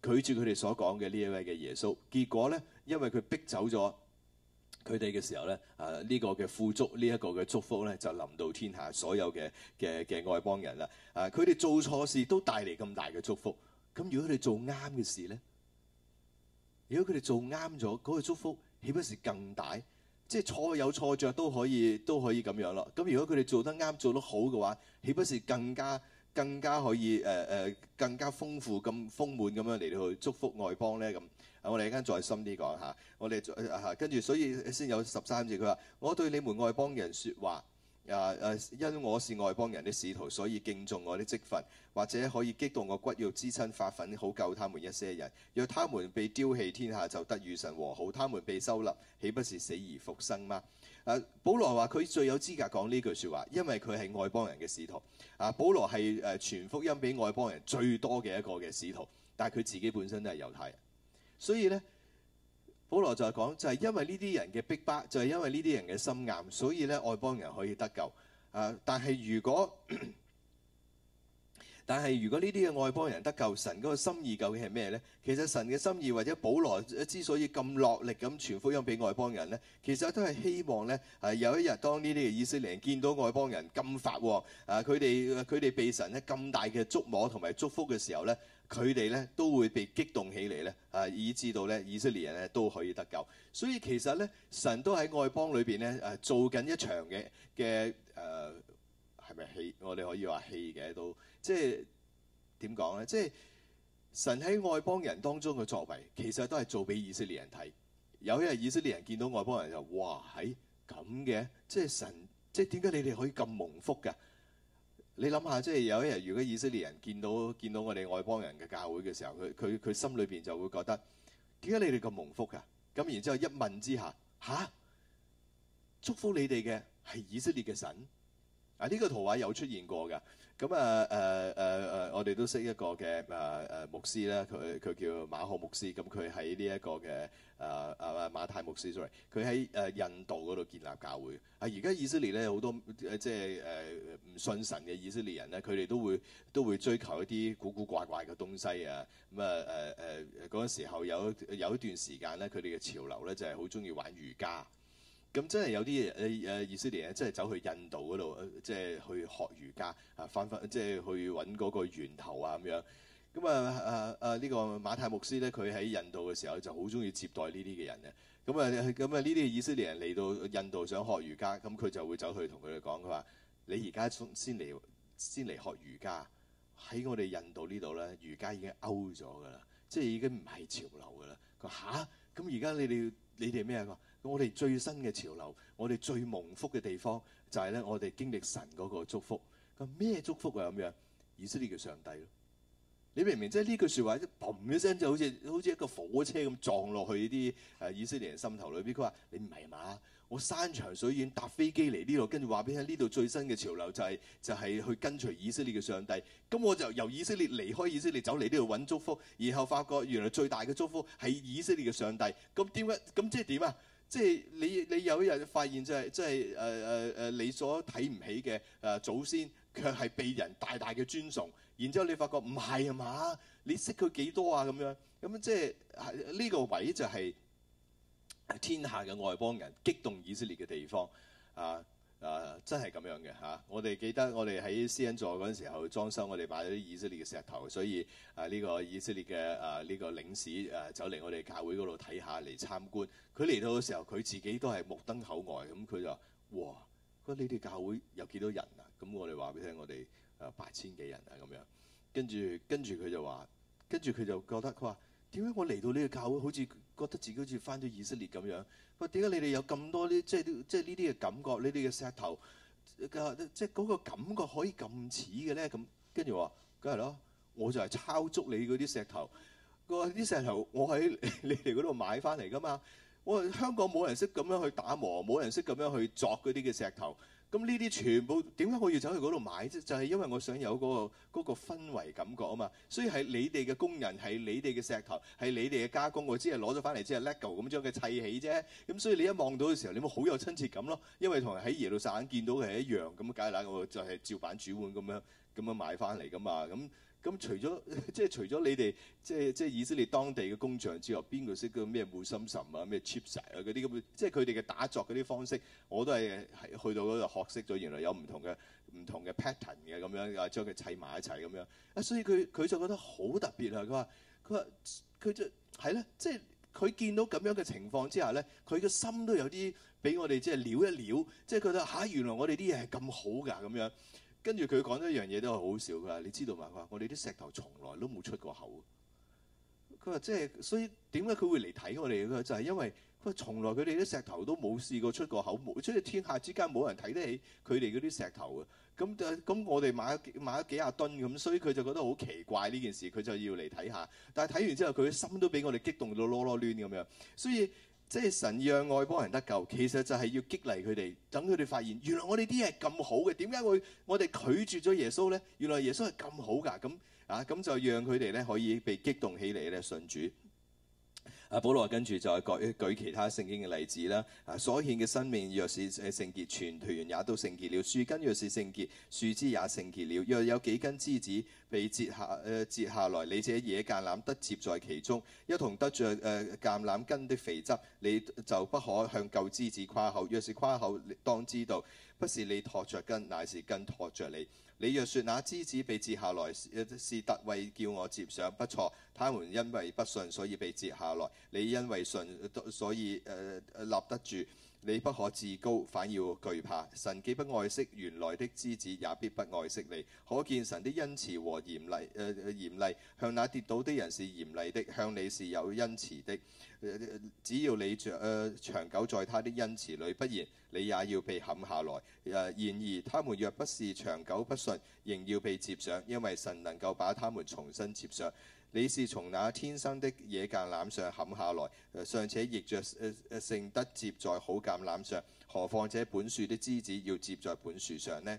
拒絕佢哋所講嘅呢一位嘅耶穌。結果咧，因為佢逼走咗。佢哋嘅時候咧，啊呢個嘅富足，呢一個嘅祝福咧，就臨到天下所有嘅嘅嘅外邦人啦。啊，佢哋做錯事都帶嚟咁大嘅祝福。咁如果佢哋做啱嘅事咧，如果佢哋做啱咗，嗰個祝福豈不是更大？即係錯有錯著都可以，都可以咁樣咯。咁如果佢哋做得啱，做得好嘅話，豈不是更加更加可以誒誒更加豐富、咁豐滿咁樣嚟到去祝福外邦咧？咁？啊、我哋而家再深啲講下。我哋、啊、跟住所以先有十三節。佢話：我對你們外邦人説話，啊，啊因我是外邦人的使徒，所以敬重我的職分，或者可以激動我骨肉之親發奮，好救他們一些人。若他們被丟棄，天下就得與神和好；他們被收納，豈不是死而復生嗎？啊，保羅話佢最有資格講呢句説話，因為佢係外邦人嘅使徒。啊，保羅係誒、啊、傳福音俾外邦人最多嘅一個嘅使徒，但係佢自己本身都係猶太人。所以咧，保羅就係講，就係因為呢啲人嘅逼迫，就係因為呢啲人嘅心硬，所以咧外邦人可以得救。啊，但係如果，但係如果呢啲嘅外邦人得救，神嗰個心意究竟係咩咧？其實神嘅心意或者保羅之所以咁落力咁傳福音俾外邦人咧，其實都係希望咧，係有一日當呢啲嘅以色列人見到外邦人咁發旺，啊佢哋佢哋被神咧咁大嘅觸摸同埋祝福嘅時候咧。佢哋咧都會被激動起嚟咧，啊，以致到咧以色列人咧都可以得救。所以其實咧，神都喺外邦裏邊咧誒做緊一場嘅嘅誒係咪戲？我哋可以話戲嘅都即係點講咧？即係神喺外邦人當中嘅作為，其實都係做俾以色列人睇。有一日以色列人見到外邦人就話：嘩，係咁嘅，即係神，即係點解你哋可以咁蒙福㗎？你諗下，即係有一日，如果以色列人見到見到我哋外邦人嘅教會嘅時候，佢佢佢心裏邊就會覺得，點解你哋咁蒙福㗎？啊？咁然之後一問之下，吓，啊，祝福你哋嘅係以色列嘅神啊！呢個圖畫有出現過㗎。咁啊誒誒誒，我哋都識一個嘅誒誒牧師啦，佢佢叫馬可牧師，咁佢喺呢一個嘅誒誒馬太牧師，sorry，佢喺誒印度嗰度建立教會。係而家以色列咧，好多即係誒唔信神嘅以色列人咧，佢哋都會都會追求一啲古古怪怪嘅東西啊。咁、嗯呃、啊誒誒，嗰陣時候有有一段時間咧，佢哋嘅潮流咧就係好中意玩瑜伽。咁真係有啲誒誒以色列人真係走去印度嗰度，即、就、係、是、去學瑜伽啊，翻翻、啊、即係去揾嗰個源頭啊咁樣。咁啊啊啊呢、這個馬太牧師咧，佢喺印度嘅時候就好中意接待呢啲嘅人咧。咁啊咁啊呢啲、啊啊、以色列人嚟到印度想學瑜伽，咁、啊、佢就會走去同佢哋講，佢話：你而家先嚟先嚟學瑜伽，喺我哋印度呢度咧，瑜伽已經 out 咗噶啦，即係已經唔係潮流噶啦。佢話吓？咁而家你哋你哋咩啊？啊我哋最新嘅潮流，我哋最蒙福嘅地方就係咧，我哋經歷神嗰個祝福。咁咩祝福啊？咁樣以色列嘅上帝咯？你明唔明即係呢句説話，嘣一聲就好似好似一個火車咁撞落去呢啲誒以色列人心頭裏邊。佢話：你唔係嘛？我山長水遠搭飛機嚟呢度，跟住話俾你聽，呢度最新嘅潮流就係就係去跟隨以色列嘅上帝。咁我就由以色列離開以色列，走嚟呢度揾祝福，然後發覺原來最大嘅祝福係以色列嘅上帝。咁點解？咁即係點啊？即係你你有一日發現就係即係誒誒誒你所睇唔起嘅誒祖先，卻係被人大大嘅尊崇。然之後你發覺唔係嘛？你識佢幾多啊？咁樣咁即係呢、這個位就係天下嘅外邦人激動以色列嘅地方啊！呃啊，真係咁樣嘅嚇、啊！我哋記得我哋喺私人座嗰陣時候裝修，我哋擺咗啲以色列嘅石頭，所以啊呢、呢個以色列嘅啊呢、呢個領事誒、啊、走嚟我哋教會嗰度睇下嚟參觀。佢嚟到嘅時候，佢自己都係目瞪口呆咁，佢、嗯、就話：哇！你哋教會有幾多,、啊嗯、多人啊？咁我哋話俾佢聽，我哋誒八千幾人啊咁樣。跟住跟住佢就話，跟住佢就,就覺得佢話點解我嚟到呢個教會好似？覺得自己好似翻咗以色列咁樣，喂，點解你哋有咁多啲即係即係呢啲嘅感覺？呢啲嘅石頭，即係嗰個感覺可以咁似嘅咧？咁跟住話，梗係咯，我就係抄足你嗰啲石頭。嗰啲石頭我喺你哋嗰度買翻嚟㗎嘛。我香港冇人識咁樣去打磨，冇人識咁樣去作嗰啲嘅石頭。咁呢啲全部點解我要走去嗰度買啫？就係因為我想有嗰個嗰個氛圍感覺啊嘛。所以係你哋嘅工人，係你哋嘅石頭，係你哋嘅加工，我只係攞咗翻嚟，只係 LEGO 咁樣嘅砌起啫。咁所以你一望到嘅時候，你咪好有親切感咯。因為同喺耶路撒冷見到嘅係一樣咁嘅解啦，我就係照版煮碗咁樣咁樣買翻嚟噶嘛咁。咁、嗯、除咗即係除咗你哋即係即係以色列當地嘅工匠之外，邊個識到咩滿心神啊、咩 cheaps 啊嗰啲咁？即係佢哋嘅打作嗰啲方式，我都係去到嗰度學識咗，原來有唔同嘅唔同嘅 pattern 嘅咁樣，又將佢砌埋一齊咁樣。啊，所以佢佢就覺得好特別啊！佢話佢話佢就係咧，即係佢見到咁樣嘅情況之下咧，佢嘅心都有啲俾我哋即係撩一撩，即係覺得吓，原來我哋啲嘢係咁好㗎咁樣。跟住佢講咗一樣嘢都係好笑㗎，你知道嘛？佢話我哋啲石頭從來都冇出過口。佢話即係所以點解佢會嚟睇我哋？佢就係因為佢話從來佢哋啲石頭都冇試過出過口，冇即係天下之間冇人睇得起佢哋嗰啲石頭㗎。咁咁我哋買咗幾廿噸咁，所以佢就覺得好奇怪呢件事，佢就要嚟睇下。但係睇完之後，佢嘅心都俾我哋激動到囉囉攣咁樣，所以。即係神讓外邦人得救，其實就係要激勵佢哋，等佢哋發現，原來我哋啲嘢係咁好嘅，點解會我哋拒絕咗耶穌咧？原來耶穌係咁好㗎，咁啊咁就讓佢哋咧可以被激動起嚟咧信主。阿、啊、保羅跟住就係舉舉其他聖經嘅例子啦。啊，所獻嘅生命若是聖潔，全團也都聖潔了；樹根若是聖潔，樹枝也聖潔了。若有幾根枝子被截下，誒、呃、截下來，你這野橄欖得接在其中，一同得着誒、呃、橄欖根的肥汁，你就不可向舊枝子誇口。若是誇口，當知道不是你托着根，乃是根托着你。你若説那枝子被折下來，是是特為叫我接上，不錯。他們因為不信，所以被折下來。你因為信，所以、呃呃、立得住。你不可自高，反要懼怕。神既不愛惜原來的枝子，也必不愛惜你。可見神的恩慈和嚴厲，誒誒嚴厲向那跌倒的人是嚴厲的，向你是有恩慈的。呃、只要你長誒、呃、長久在他的恩慈裏，不然你也要被砍下來。誒、呃、然而他們若不是長久不信，仍要被接上，因為神能夠把他們重新接上。你是從那天生的野橄欖上砍下來，呃、尚且逆着性、呃、德接在好橄欖上，何況這本樹的枝子要接在本樹上呢？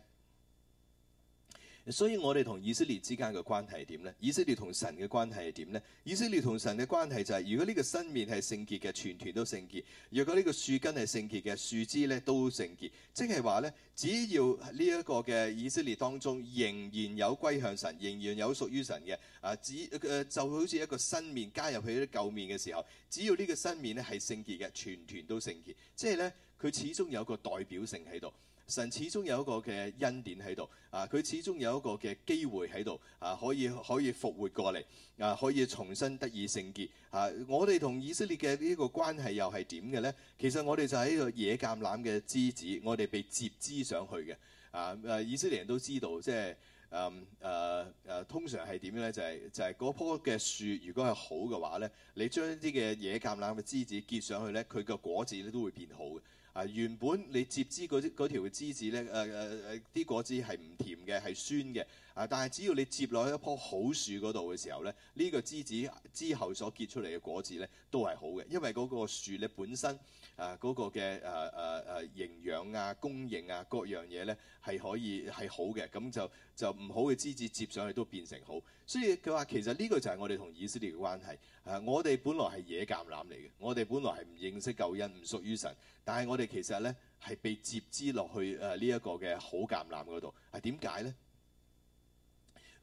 所以我哋同以色列之間嘅關係係點呢？以色列同神嘅關係係點呢？以色列同神嘅關係就係，如果呢個新麵係聖潔嘅，全團都聖潔；如果呢個樹根係聖潔嘅，樹枝咧都聖潔。即係話呢，只要呢一個嘅以色列當中仍然有歸向神、仍然有屬於神嘅，啊，只、呃、就好似一個新麵加入去啲舊麵嘅時候，只要呢個新麵咧係聖潔嘅，全團都聖潔。即係呢，佢始終有個代表性喺度。神始終有一個嘅恩典喺度，啊，佢始終有一個嘅機會喺度，啊，可以可以復活過嚟，啊，可以重新得以聖潔。啊，我哋同以色列嘅呢個關係又係點嘅咧？其實我哋就係一個野橄欖嘅枝子，我哋被接枝上去嘅，啊。啊，以色列人都知道，即係誒誒誒，通常係點咧？就係、是、就係、是、嗰棵嘅樹，如果係好嘅話咧，你將啲嘅野橄欖嘅枝子結上去咧，佢嘅果子咧都會變好嘅。啊，原本你接枝嗰啲條枝子咧，誒誒誒啲果子係唔甜嘅，係酸嘅。啊，但係只要你接落去一棵好樹嗰度嘅時候咧，呢個枝子之後所結出嚟嘅果子咧，都係好嘅，因為嗰個樹咧本身。啊，嗰、那個嘅誒誒誒營養啊、供應啊，各樣嘢咧係可以係好嘅，咁就就唔好嘅枝子接上去都變成好。所以佢話其實呢個就係我哋同以色列嘅關係。啊，我哋本來係野橄欖嚟嘅，我哋本來係唔認識救恩、唔屬於神，但係我哋其實咧係被接枝落去誒呢一個嘅好橄欖嗰度。係點解咧？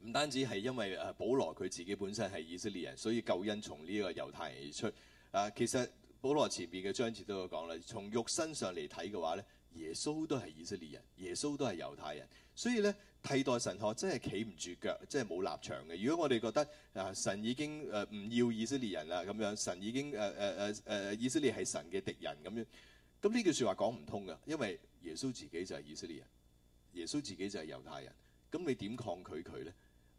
唔單止係因為誒保羅佢自己本身係以色列人，所以救恩從呢個猶太人而出。啊，其實。保羅前面嘅章節都有講啦，從肉身上嚟睇嘅話咧，耶穌都係以色列人，耶穌都係猶太人，所以咧替代神學真係企唔住腳，即係冇立場嘅。如果我哋覺得啊神已經誒唔要以色列人啦，咁樣神已經誒誒誒誒以色列係神嘅敵人咁樣，咁呢句說話講唔通噶因為耶穌自己就係以色列人，耶穌自己就係猶太人，咁你點抗拒佢咧？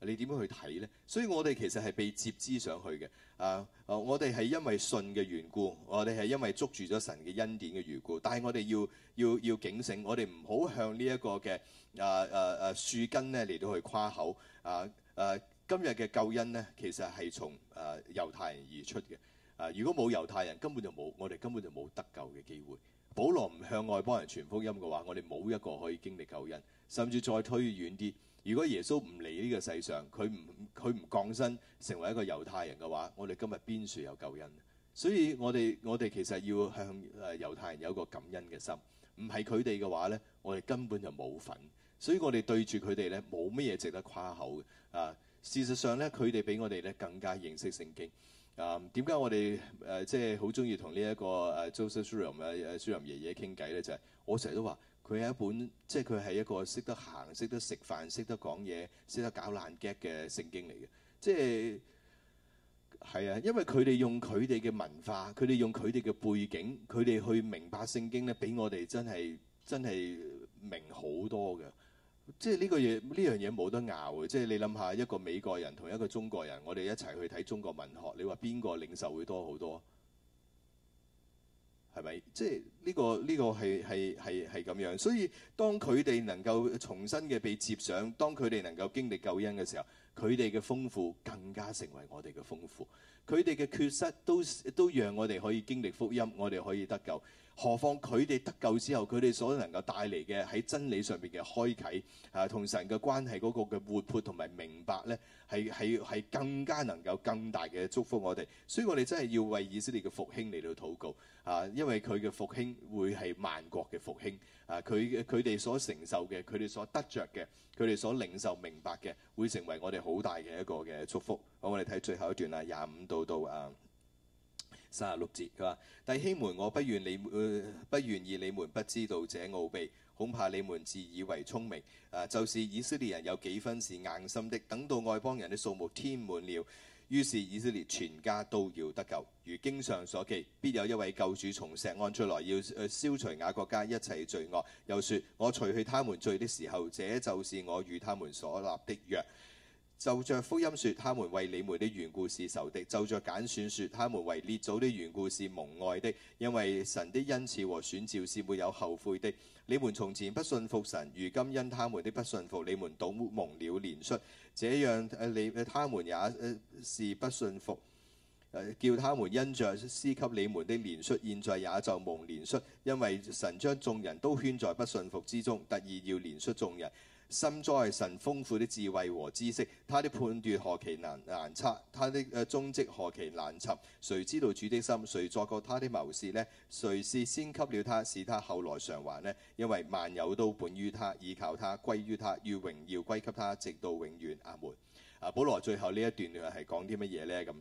你點樣去睇呢？所以我哋其實係被接枝上去嘅。啊我哋係因為信嘅緣故，我哋係因為捉住咗神嘅恩典嘅緣故。但係我哋要要要警醒，我哋唔好向呢一個嘅啊啊啊樹根咧嚟到去誇口。啊誒、啊，今日嘅救恩呢，其實係從誒、啊、猶太人而出嘅。啊，如果冇猶太人，根本就冇我哋根本就冇得救嘅機會。保羅唔向外幫人傳福音嘅話，我哋冇一個可以經歷救恩。甚至再推遠啲。如果耶穌唔嚟呢個世上，佢唔佢唔降身成為一個猶太人嘅話，我哋今日邊處有救恩？所以我哋我哋其實要向誒猶太人有一個感恩嘅心，唔係佢哋嘅話咧，我哋根本就冇份。所以我哋對住佢哋咧冇乜嘢值得誇口嘅啊。事實上咧，佢哋比我哋咧更加認識聖經啊。點解我哋誒、啊、即係好中意同呢一個誒 Joseph Shu 林啊 Shu 林爺爺傾偈咧？就係、是、我成日都話。佢係一本，即係佢係一個識得行、識得食飯、識得講嘢、識得搞爛 gel 嘅聖經嚟嘅。即係係啊，因為佢哋用佢哋嘅文化，佢哋用佢哋嘅背景，佢哋去明白聖經呢，比我哋真係真係明好多嘅。即係呢個嘢，呢樣嘢冇得拗嘅。即係你諗下，一個美國人同一個中國人，我哋一齊去睇中國文學，你話邊個領受會多好多？係咪？即係呢、這個呢、這個係係係係咁樣。所以當佢哋能夠重新嘅被接上，當佢哋能夠經歷救恩嘅時候，佢哋嘅豐富更加成為我哋嘅豐富。佢哋嘅缺失都都讓我哋可以經歷福音，我哋可以得救。何況佢哋得救之後，佢哋所能夠帶嚟嘅喺真理上面嘅開啓，啊，同神嘅關係嗰個嘅活潑同埋明白呢，係係係更加能夠更大嘅祝福我哋。所以我哋真係要為以色列嘅復興嚟到禱告，啊，因為佢嘅復興會係萬國嘅復興，啊，佢佢哋所承受嘅，佢哋所得著嘅，佢哋所領受明白嘅，會成為我哋好大嘅一個嘅祝福。好，我哋睇最後一段啦，廿五度到啊。三十六節，佢話：弟兄們，我不願你，呃、不願意你們不知道這奧秘，恐怕你們自以為聰明。誒、呃，就是以色列人有幾分是硬心的，等到外邦人的數目添滿了，於是以色列全家都要得救。如經上所記，必有一位救主從錫安出來要，要、呃、消除雅各家一切罪惡。又説：我除去他們罪的時候，這就是我與他們所立的約。就着福音説，他們為你們的緣故是仇敵；就着揀選説，他們為列祖的緣故是蒙愛的。因為神的恩賜和選召是沒有後悔的。你們從前不順服神，如今因他們的不順服，你們倒蒙了憐恤。這樣你他們也是不順服，叫他們因着施給你們的憐恤。現在也就蒙憐恤，因為神將眾人都圈在不順服之中，特意要憐恤眾人。深哉神豐富的智慧和知識，他的判斷何其難難測，他的誒蹤跡何其難尋。誰知道主的心？誰作過他的謀士呢？誰是先給了他，使他後來償還呢？因為萬有都本於他，倚靠他，歸於他，要榮耀歸給他，直到永遠阿門。啊，保羅最後呢一段係講啲乜嘢呢？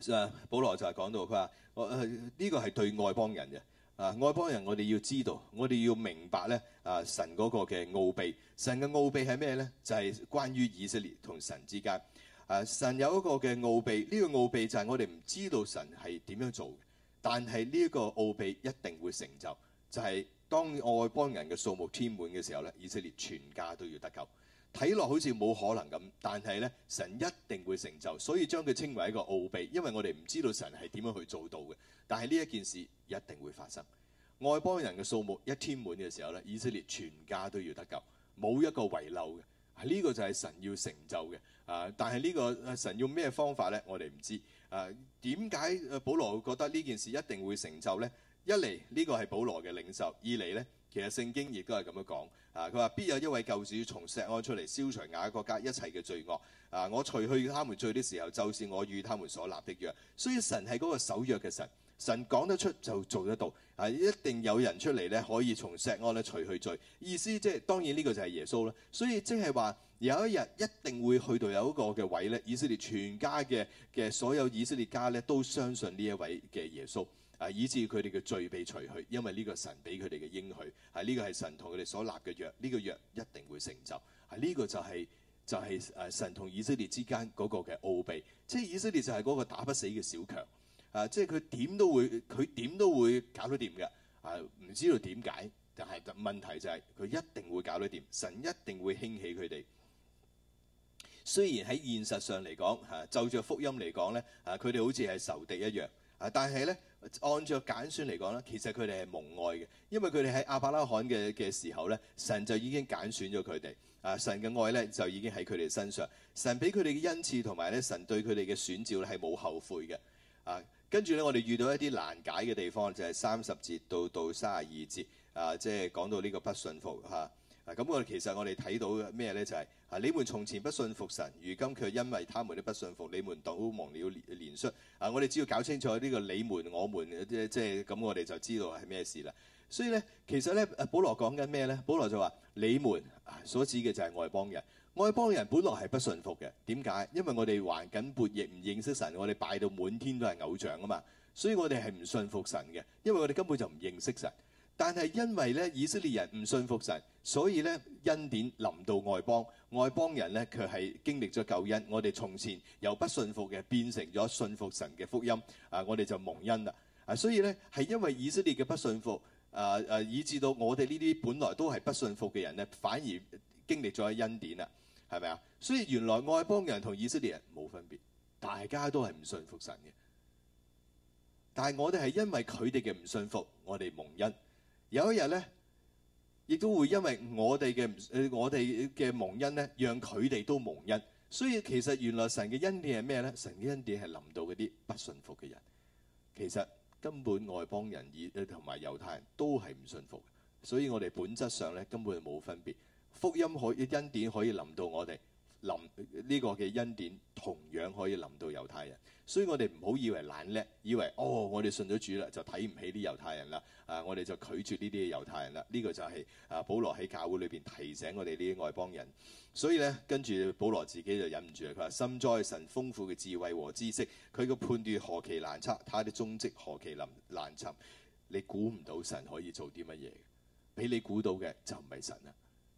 咁啊，保羅就係講到佢話：呢、呃呢個係對外邦人嘅。啊！外邦人，我哋要知道，我哋要明白咧。啊！神嗰個嘅奧秘，神嘅奧秘係咩咧？就係關於以色列同神之間，誒、啊、神有一個嘅奧秘，呢個奧秘就係我哋唔知道神係點樣做嘅，但係呢一個奧秘一定會成就，就係當外邦人嘅數目添滿嘅時候咧，以色列全家都要得救。睇落好似冇可能咁，但係呢神一定會成就，所以將佢稱為一個奧秘，因為我哋唔知道神係點樣去做到嘅。但係呢一件事一定會發生。外邦人嘅數目一添滿嘅時候呢，以色列全家都要得救，冇一個遺漏嘅。呢、啊這個就係神要成就嘅啊！但係呢個神用咩方法呢？我哋唔知啊。點解保羅會覺得呢件事一定會成就呢？一嚟呢個係保羅嘅領袖，二嚟呢。其實聖經亦都係咁樣講，啊佢話必有一位救主從錫安出嚟，消除雅各家一切嘅罪惡。啊，我除去他們罪的時候，就是我與他們所立的約。所以神係嗰個守約嘅神，神講得出就做得到，係、啊、一定有人出嚟咧，可以從錫安咧除去罪。意思即、就、係、是、當然呢個就係耶穌啦。所以即係話有一日一定會去到有一個嘅位咧，以色列全家嘅嘅所有以色列家咧都相信呢一位嘅耶穌，係以至佢哋嘅罪被除去，因為呢個神俾佢哋嘅應許係呢個係神同佢哋所立嘅約，呢、這個約一定會成就。係、這、呢個就係、是、就係、是、誒神同以色列之間嗰個嘅奧秘，即係以色列就係嗰個打不死嘅小強，啊即係佢點都會佢點都會搞到掂嘅，啊唔知道點解，但係問題就係、是、佢一定會搞到掂，神一定會興起佢哋。雖然喺現實上嚟講，嚇、啊、就着福音嚟講咧，啊佢哋好似係仇敵一樣。但係咧，按照揀選嚟講咧，其實佢哋係蒙愛嘅，因為佢哋喺亞伯拉罕嘅嘅時候咧，神就已經揀選咗佢哋。啊！神嘅愛咧，就已經喺佢哋身上。神俾佢哋嘅恩賜同埋咧，神對佢哋嘅選召，咧，係冇後悔嘅。啊！跟住咧，我哋遇到一啲難解嘅地方，就係三十節到到三十二節啊，即係講到呢個不信服嚇。啊咁我哋，其實我哋睇到嘅咩呢？就係啊，你們從前不信服神，如今卻因為他們的不信服，你們倒蒙了憐恤啊！我哋只要搞清楚呢個你們、我們，即即係咁，我哋就知道係咩事啦。所以呢，其實呢，保羅講緊咩呢？保羅就話你們所指嘅就係外邦人，外邦人本來係不信服嘅。點解？因為我哋還緊拜亦唔認識神，我哋拜到滿天都係偶像啊嘛。所以我哋係唔信服神嘅，因為我哋根本就唔認識神。但係因為咧，以色列人唔信服神，所以咧，恩典臨到外邦，外邦人咧，佢係經歷咗救恩。我哋從前由不信服嘅變成咗信服神嘅福音，啊，我哋就蒙恩啦。啊，所以咧係因為以色列嘅不信服，啊啊，以至到我哋呢啲本來都係不信服嘅人咧，反而經歷咗恩典啦，係咪啊？所以原來外邦人同以色列人冇分別，大家都係唔信服神嘅。但係我哋係因為佢哋嘅唔信服，我哋蒙恩。有一日咧，亦都會因為我哋嘅、呃、我哋嘅蒙恩咧，讓佢哋都蒙恩。所以其實原來神嘅恩典係咩咧？神嘅恩典係臨到嗰啲不信服嘅人。其實根本外邦人與同埋猶太人都係唔信服，所以我哋本質上咧根本就冇分別。福音可以，恩典可以臨到我哋。臨呢個嘅恩典同樣可以臨到猶太人，所以我哋唔好以為懶叻，以為哦，我哋信咗主啦就睇唔起啲猶太人啦，啊我哋就拒絕呢啲嘅猶太人啦，呢個就係啊保羅喺教會裏邊提醒我哋呢啲外邦人。所以呢，跟住保羅自己就忍唔住啊，佢話深哉神豐富嘅智慧和知識，佢個判斷何其難測，他的蹤跡何其難尋，你估唔到神可以做啲乜嘢，俾你估到嘅就唔係神啦，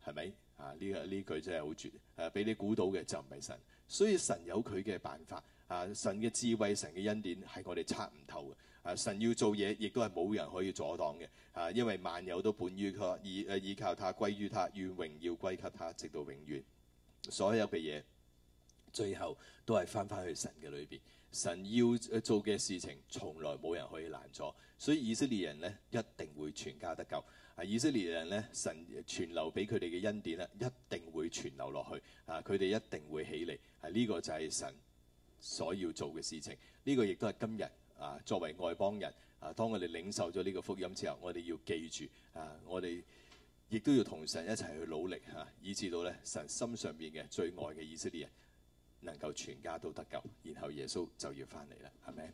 係咪？啊！呢個呢句真係好絕，誒、啊、俾你估到嘅就唔係神，所以神有佢嘅辦法。啊！神嘅智慧、神嘅恩典係我哋測唔透嘅。啊！神要做嘢，亦都係冇人可以阻擋嘅。啊！因為萬有都本於佢，以誒以靠他歸於他，願榮耀歸給他，直到永遠。所有嘅嘢。最後都係翻返去神嘅裏邊，神要做嘅事情從來冇人可以攔阻，所以以色列人呢，一定會全家得救。啊，以色列人呢，神傳流俾佢哋嘅恩典呢，一定會傳流落去啊！佢哋一定會起嚟。係、啊、呢、這個就係神所要做嘅事情。呢、這個亦都係今日啊，作為外邦人啊，當我哋領受咗呢個福音之後，我哋要記住啊，我哋亦都要同神一齊去努力嚇、啊，以至到呢，神心上邊嘅最愛嘅以色列人。能夠全家都得救，然後耶穌就要翻嚟啦，係咪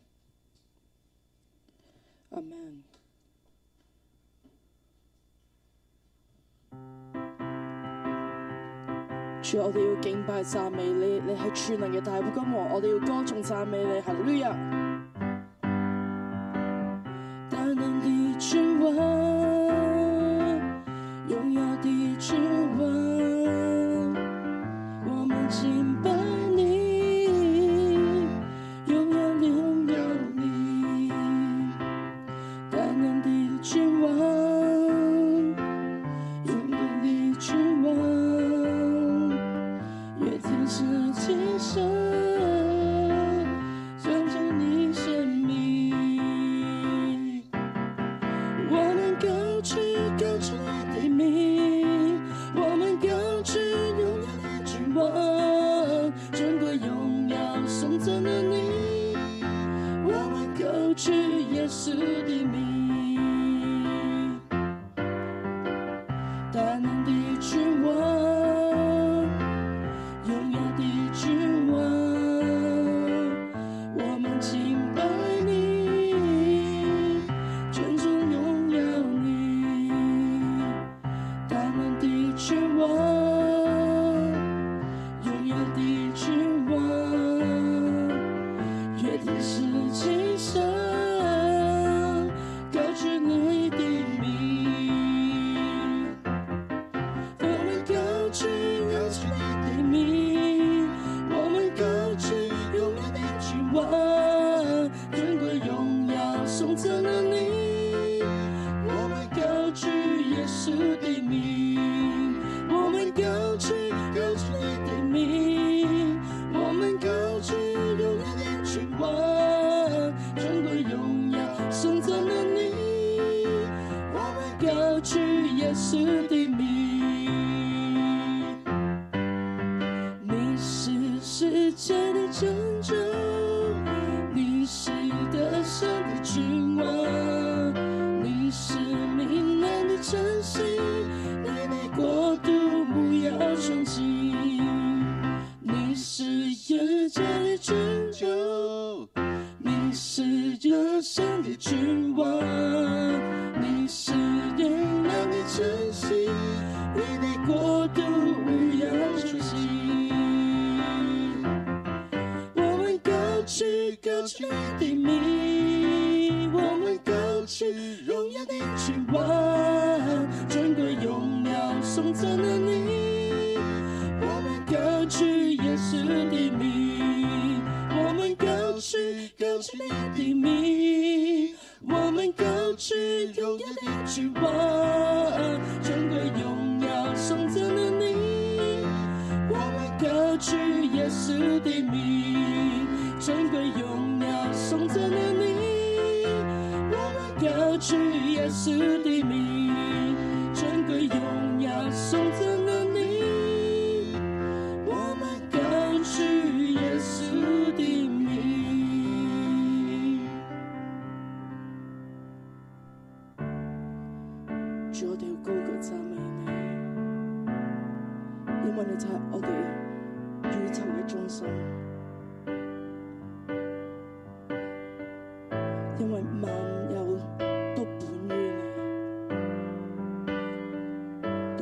Amen.？阿 門樂。主，我哋要敬拜讚美你，你係全能嘅大寶金王，我哋要歌頌讚美你，係你呀。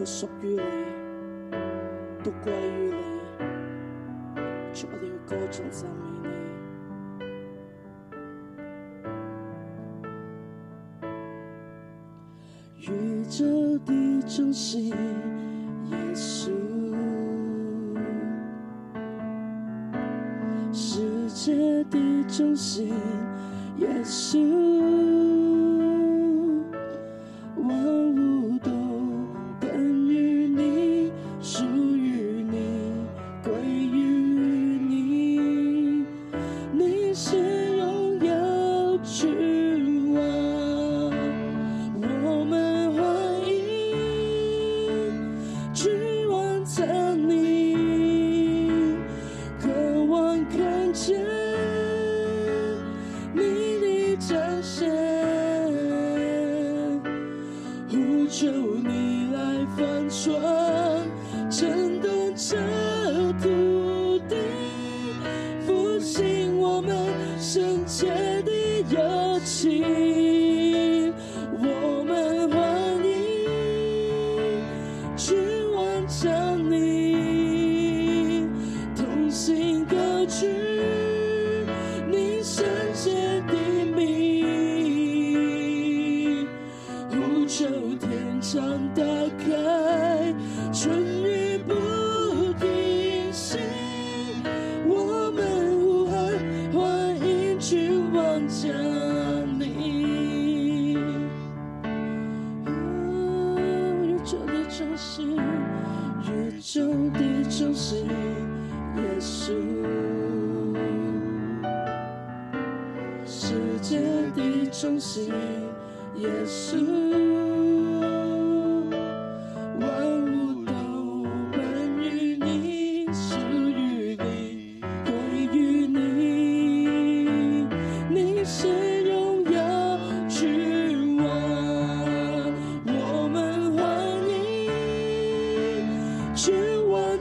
屬於你，都歸於你，就來高唱讚美你。宇宙的中心耶穌，世界的中心耶穌。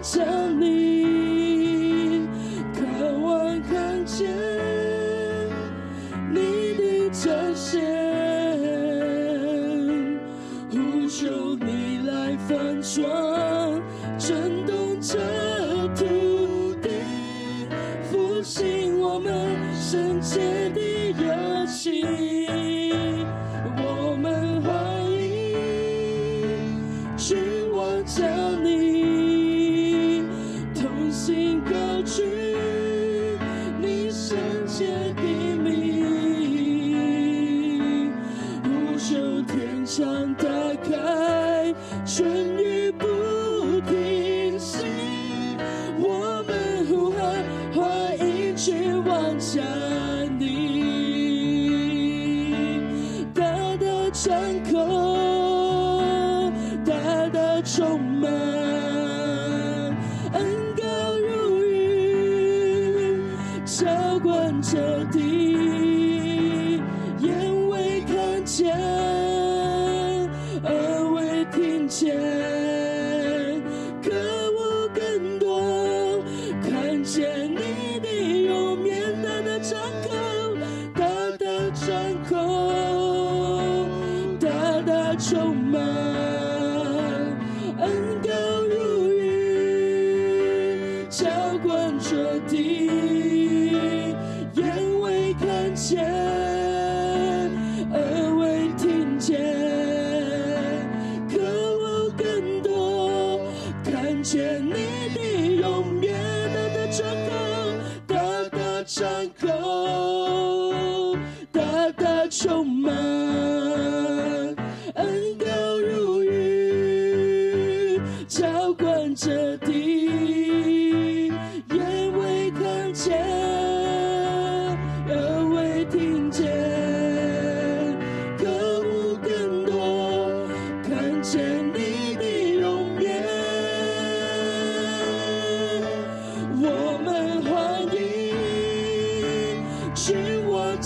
想你。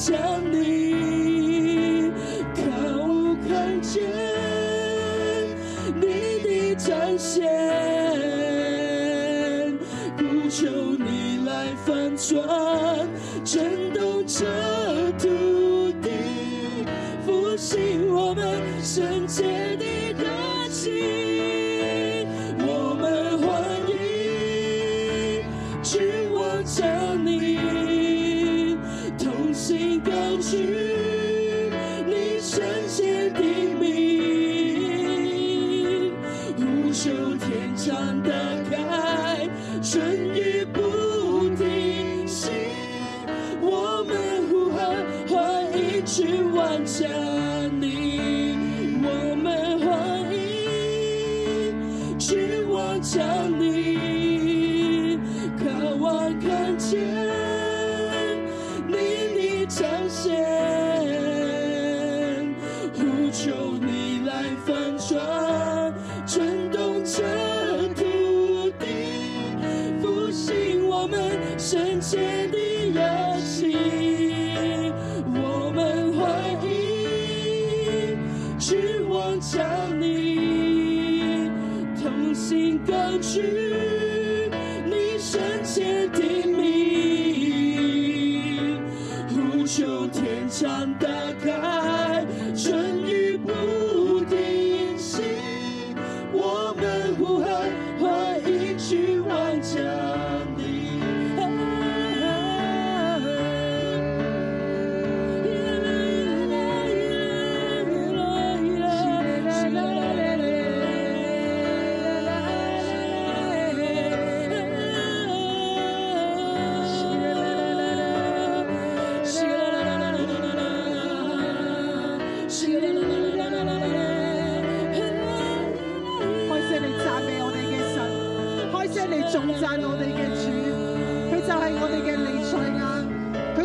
想。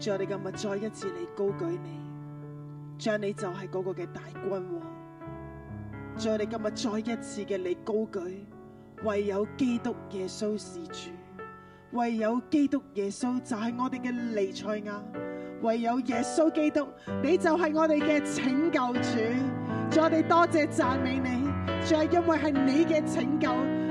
在我哋今日再一次嚟高舉你，將你就係嗰個嘅大君王，在我哋今日再一次嘅嚟高舉，唯有基督耶穌是主，唯有基督耶穌就係我哋嘅彌賽亞，唯有耶穌基督，你就係我哋嘅拯救主，在我哋多謝讚美你，就係因為係你嘅拯救，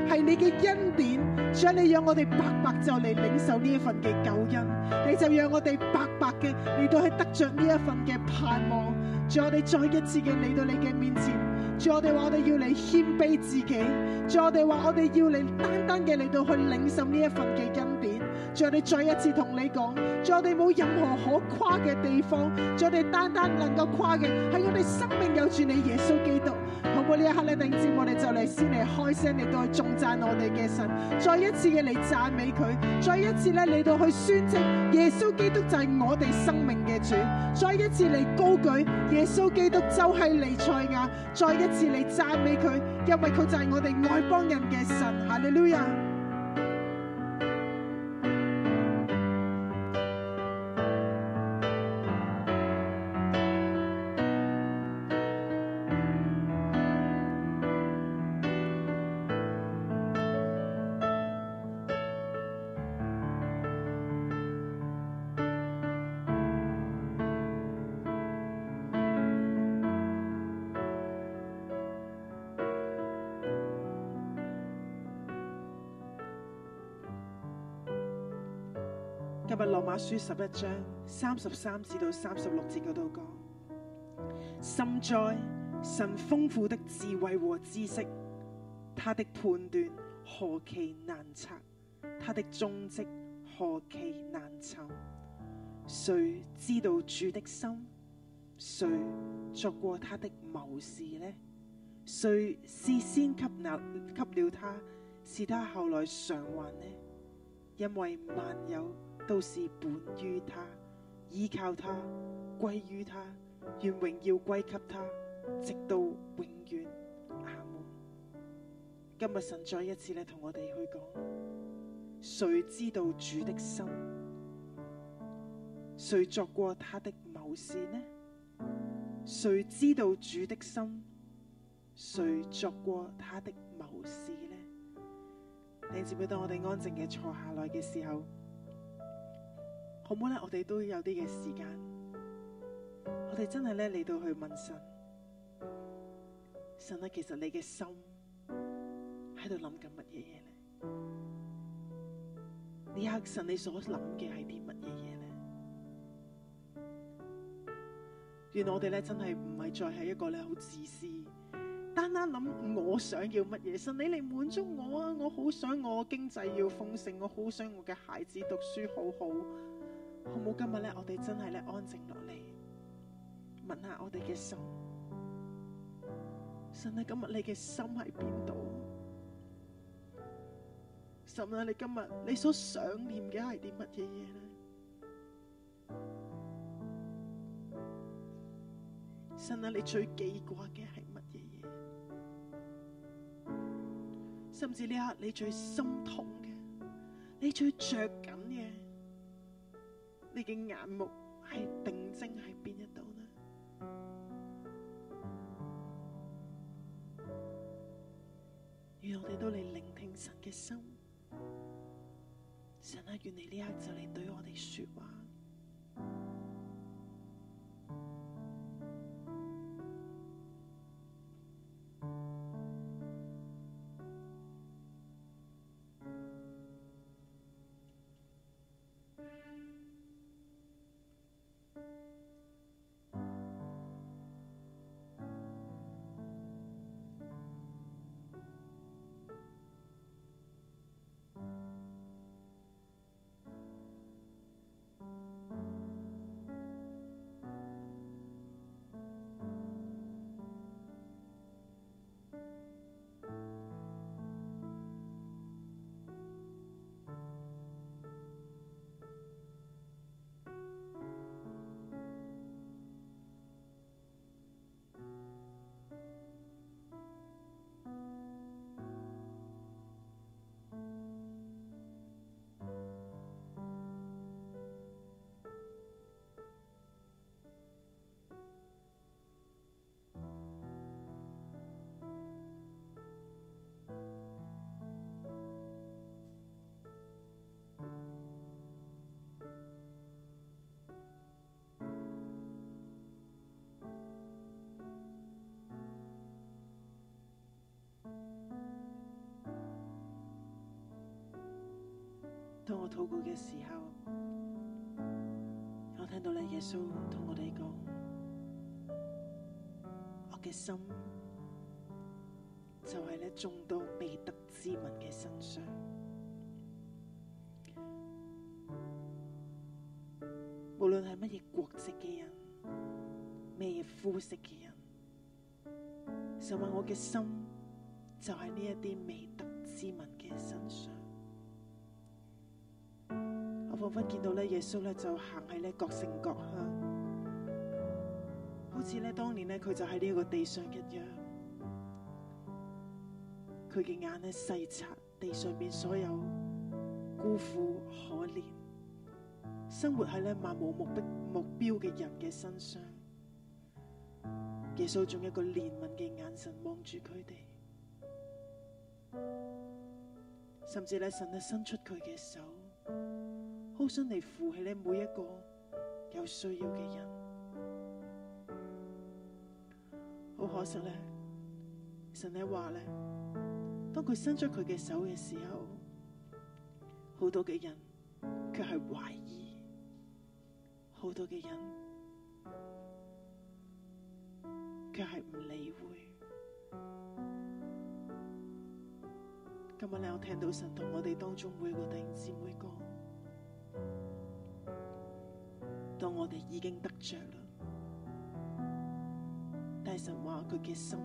係你嘅恩典。將你讓我哋白白就嚟領受呢一份嘅救恩，你就讓我哋白白嘅嚟到去得着呢一份嘅盼望。主，我哋再一次嘅嚟到你嘅面前，主，我哋話我哋要嚟謙卑自己，主，我哋話我哋要嚟單單嘅嚟到去領受呢一份嘅恩典。主，我哋再一次同你講，主，我哋冇任何可誇嘅地方，主，我哋單單能夠誇嘅係我哋生命有住你耶穌基督。呢一刻咧，頂住我哋就嚟先嚟開聲嚟到去重贊我哋嘅神，再一次嘅嚟讚美佢，再一次咧嚟到去宣稱耶穌基督就係我哋生命嘅主，再一次嚟高舉耶穌基督就係彌賽亞，再一次嚟讚美佢，因為佢就係我哋外邦人嘅神。哈利路亞。書十一章三十三至到三十六節嗰度講，深哉，神豐富的智慧和知識，他的判斷何其難測，他的蹤跡何其難尋。誰知道主的心？誰作過他的謀士呢？誰事先給給了他，是他後來償還呢？因為萬有，都是本於他，依靠他，歸於他，願榮耀歸給他，直到永遠。阿、啊、門、啊。今日神再一次咧同我哋去講，誰知道主的心？誰作過他的謀士呢？誰知道主的心？誰作過他的謀士呢？你知唔知道？我哋安靜嘅坐下來嘅時候。好唔好咧？我哋都有啲嘅時間，我哋真係咧嚟到去問神。神啊，其實你嘅心喺度諗緊乜嘢嘢呢？呢刻神，你所諗嘅係啲乜嘢嘢呢？原來我哋咧真係唔係再係一個咧好自私，單單諗我想要乜嘢，神你嚟滿足我啊！我好想我經濟要豐盛，我好想我嘅孩子讀書好好。好唔好？今日咧，我哋真係咧安靜落嚟，問下我哋嘅心。神啊，今日你嘅心喺邊度？神啊，你今日你所想念嘅係啲乜嘢嘢咧？神啊，你最記掛嘅係乜嘢嘢？甚至呢刻你最心痛嘅，你最着緊嘅。你嘅眼目係定睛喺邊一度呢？願我哋都嚟聆聽神嘅心，神啊，願你呢刻就嚟對我哋說話。當我禱告嘅時候，我聽到咧耶穌同我哋講：我嘅心就係咧眾多未得之民嘅身上，無論係乜嘢國籍嘅人，乜嘢膚色嘅人，神話我嘅心就喺呢一啲未得之民嘅身上。仿佛見到咧，耶穌咧就行喺咧各城各鄉，好似咧當年咧佢就喺呢個地上一樣。佢嘅眼咧細察地上邊所有孤苦可憐、生活喺咧漫無目的目標嘅人嘅身上，耶穌仲一個憐憫嘅眼神望住佢哋，甚至咧神咧伸出佢嘅手。我想嚟扶起你，每一個有需要嘅人，好可惜咧，神你話咧，當佢伸出佢嘅手嘅時候，好多嘅人卻係懷疑，好多嘅人卻係唔理會。今日咧，我聽到神同我哋當中每個弟兄姊妹講。當我哋已經得着啦，但係神話佢嘅心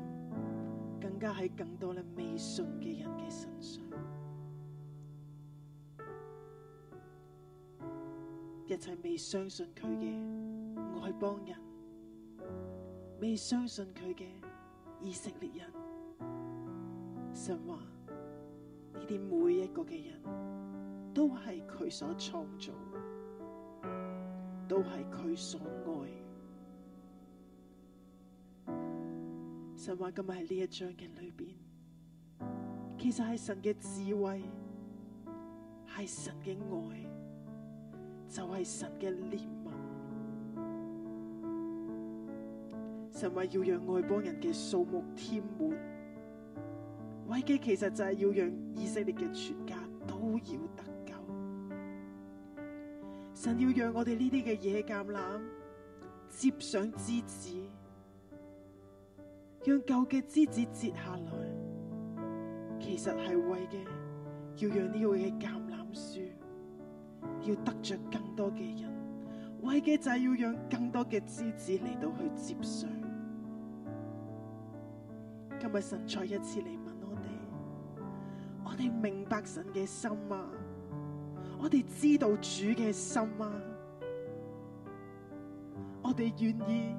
更加喺更多咧未信嘅人嘅身上，一切未相信佢嘅外邦人，未相信佢嘅以色列人，神話呢啲每一個嘅人都係佢所創造。都係佢所愛。神話今日喺呢一章嘅裏邊，其實係神嘅智慧，係神嘅愛，就係神嘅憐憫。神話要讓外邦人嘅數目添滿，危機其實就係要讓以色列嘅全家都要。神要讓我哋呢啲嘅野橄欖接上枝子，讓舊嘅枝子接下來，其實係為嘅要讓呢個嘅橄欖樹要得着更多嘅人，為嘅就係要讓更多嘅枝子嚟到去接上。今日神再一次嚟問我哋，我哋明白神嘅心啊！我哋知道主嘅心嗎、啊？我哋願意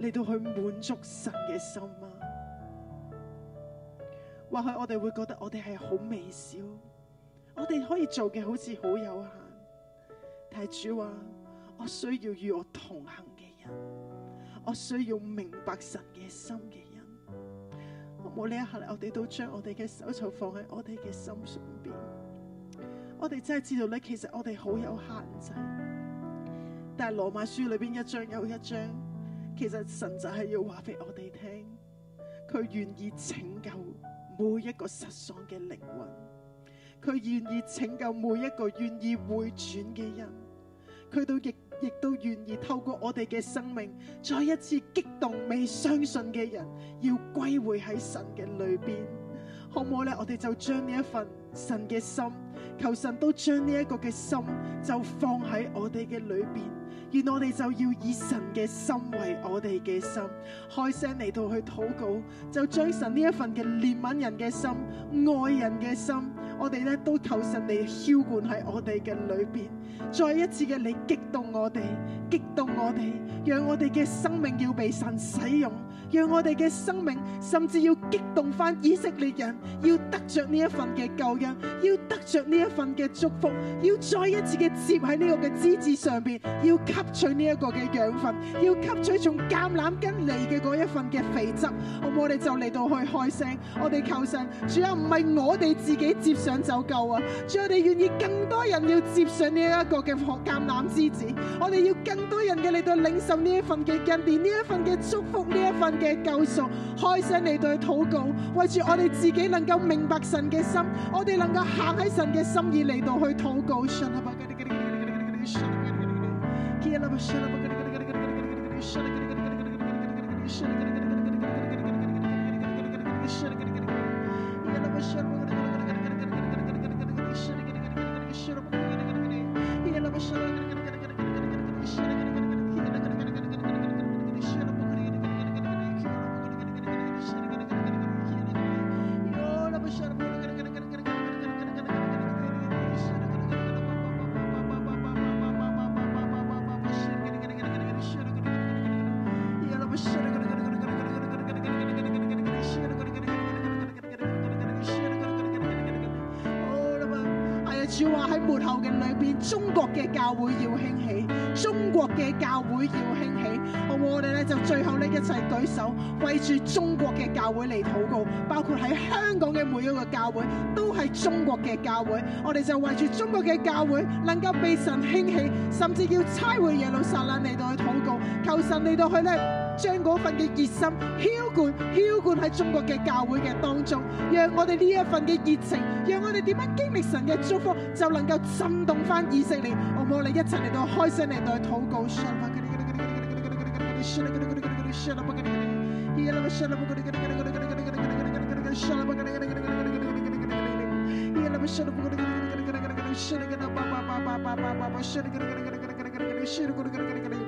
嚟到去滿足神嘅心嗎、啊？或許我哋會覺得我哋係好微小，我哋可以做嘅好似好有限。但主話：我需要與我同行嘅人，我需要明白神嘅心嘅人。好冇呢一刻，我哋都將我哋嘅手就放喺我哋嘅心上邊。我哋真係知道咧，其實我哋好有限制，但係羅馬書裏邊一章又一章，其實神就係要話俾我哋聽，佢願意拯救每一個失喪嘅靈魂，佢願意拯救每一個願意回轉嘅人，佢都亦亦都願意透過我哋嘅生命，再一次激動未相信嘅人，要歸回喺神嘅裏邊。好唔好咧？我哋就將呢一份神嘅心，求神都將呢一個嘅心，就放喺我哋嘅裏邊。而我哋就要以神嘅心為我哋嘅心，開聲嚟到去禱告，就將神呢一份嘅憐憫人嘅心、愛人嘅心，我哋咧都求神嚟澆灌喺我哋嘅裏邊。再一次嘅你激動我哋，激動我哋，讓我哋嘅生命要被神使用，讓我哋嘅生命甚至要激動翻以色列人，要得着呢一份嘅救恩，要得着呢一份嘅祝福，要再一次嘅接喺呢個嘅枝子上邊，要吸取呢一個嘅養分，要吸取從橄欖根嚟嘅嗰一份嘅肥汁，好，我哋就嚟到去開聲，我哋求神，主啊唔係我哋自己接上就夠啊，主要我你願意更多人要接上呢一。個嘅可橄欖枝子，我哋要更多人嘅嚟到領受呢一份嘅恩典，呢一份嘅祝福，呢一份嘅救贖，開聲嚟到去禱告，為住我哋自己能夠明白神嘅心，我哋能夠行喺神嘅心意嚟到去禱告。教會要興起，中國嘅教會要興起。哦，我哋咧就最後呢，一齊舉手，為住中國嘅教會嚟禱告。包括喺香港嘅每一個教會，都係中國嘅教會。我哋就為住中國嘅教會能夠被神興起，甚至要差會耶路撒冷嚟到去禱告。求神嚟到去呢。將嗰份嘅熱心澆灌澆灌喺中國嘅教會嘅當中，讓我哋呢一份嘅熱情，讓我哋點樣經歷神嘅祝福，就能夠震動翻以色列。我哋一齊嚟到開聲嚟到禱告，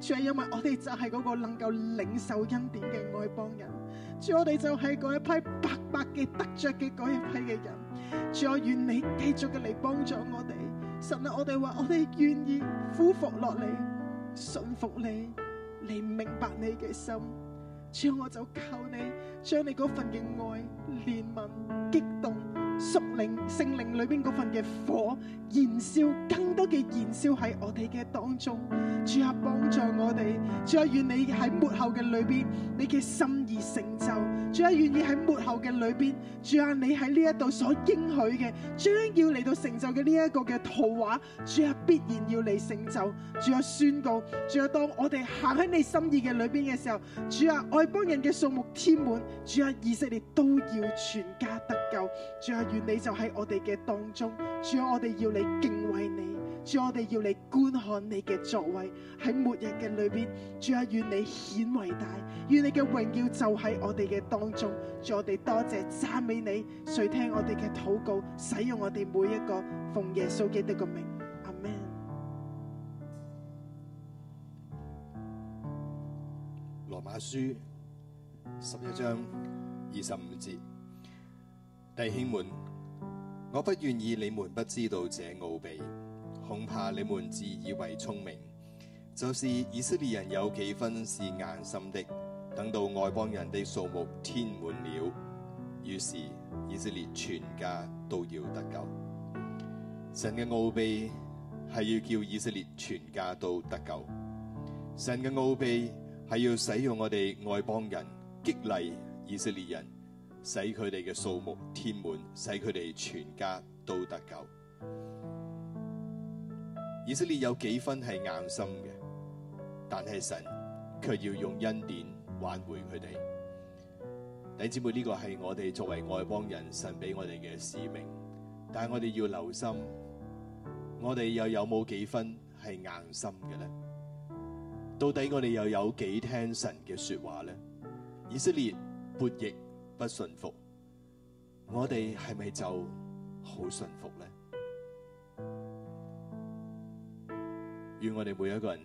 主，因為我哋就係個能夠領受恩典嘅外邦人，主，我哋就係一批白白嘅得着嘅一批嘅人，主，我願你繼續嘅嚟幫助我哋，神啊，我哋話我哋願意俯伏落嚟，信服你，嚟明白你嘅心，主，我就靠你，將你嗰份嘅愛、憐憫、激動。屬靈聖靈裏邊嗰份嘅火燃燒，更多嘅燃燒喺我哋嘅當中。主啊，幫助我哋！主啊，願你喺末後嘅裏邊，你嘅心意成就。主啊，願意喺末後嘅裏邊，主啊，你喺呢一度所應許嘅，將要嚟到成就嘅呢一個嘅圖畫，主啊，必然要嚟成就。主啊，宣告！主啊，當我哋行喺你心意嘅裏邊嘅時候，主啊，外邦人嘅數目添滿，主啊，以色列都要全家得救。主啊！願你就喺我哋嘅當中，主啊，我哋要你敬畏你，主啊，我哋要你觀看你嘅作為喺末日嘅裏邊，主啊，願你顯偉大，願你嘅榮耀就喺我哋嘅當中，主啊，我哋多謝讚美你，垂聽我哋嘅禱告，使用我哋每一個奉耶穌基督嘅名，阿門。羅馬書十一章二十五節，弟兄們。我不願意你們不知道這奧秘，恐怕你們自以為聰明。就是以色列人有幾分是硬心的，等到外邦人的數目添滿了，於是以色列全家都要得救。神嘅奧秘係要叫以色列全家都得救。神嘅奧秘係要使用我哋外邦人激勵以色列人。使佢哋嘅數目添滿，使佢哋全家都得救。以色列有幾分係硬心嘅，但係神卻要用恩典挽回佢哋。弟兄姊妹，呢、這個係我哋作為外邦人神俾我哋嘅使命，但係我哋要留心，我哋又有冇幾分係硬心嘅呢？到底我哋又有，有幾聽神嘅說話呢？以色列悖逆。不順服，我哋係咪就好順服呢？願我哋每一個人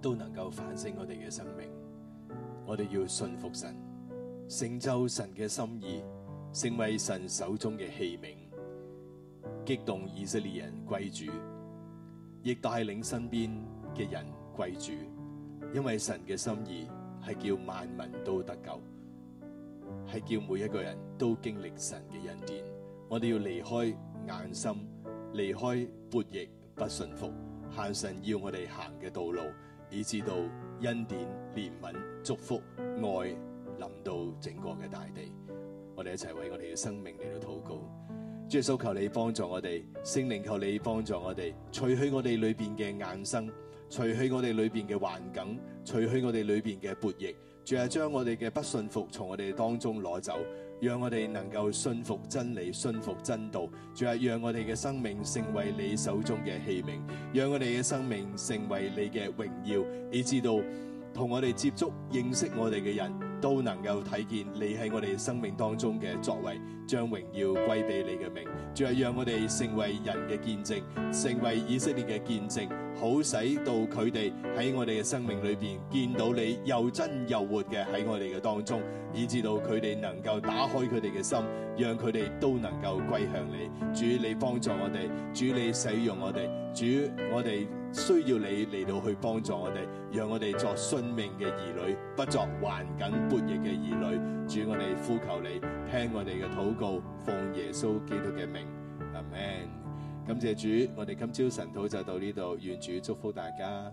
都能夠反省我哋嘅生命。我哋要順服神，成就神嘅心意，成為神手中嘅器皿，激動以色列人歸主，亦帶領身邊嘅人歸主。因為神嘅心意係叫萬民都得救。係叫每一個人都經歷神嘅恩典，我哋要離開硬心，離開潑逆、不順服，行神要我哋行嘅道路，以致到恩典、憐憫、祝福、愛臨到整個嘅大地。我哋一齊為我哋嘅生命嚟到禱告。主耶穌求你幫助我哋，聖靈求你幫助我哋，除去我哋裏邊嘅硬心，除去我哋裏邊嘅頑梗，除去我哋裏邊嘅潑逆。仲係將我哋嘅不信服從我哋當中攞走，讓我哋能夠信服真理、信服真道。仲係讓我哋嘅生命成為你手中嘅器皿，讓我哋嘅生命成為你嘅榮耀。你知道，同我哋接觸、認識我哋嘅人都能夠睇見你喺我哋生命當中嘅作為。將榮耀歸俾你嘅名，仲係讓我哋成為人嘅見證，成為以色列嘅見證，好使到佢哋喺我哋嘅生命裏邊見到你又真又活嘅喺我哋嘅當中，以至到佢哋能夠打開佢哋嘅心，讓佢哋都能夠歸向你。主，你幫助我哋，主，你使用我哋，主，我哋需要你嚟到去幫助我哋。讓我哋作順命嘅兒女，不作頑梗悖逆嘅兒女。主，我哋呼求你，聽我哋嘅禱告，奉耶穌基督嘅名，阿門。感謝主，我哋今朝晨禱就到呢度，願主祝福大家。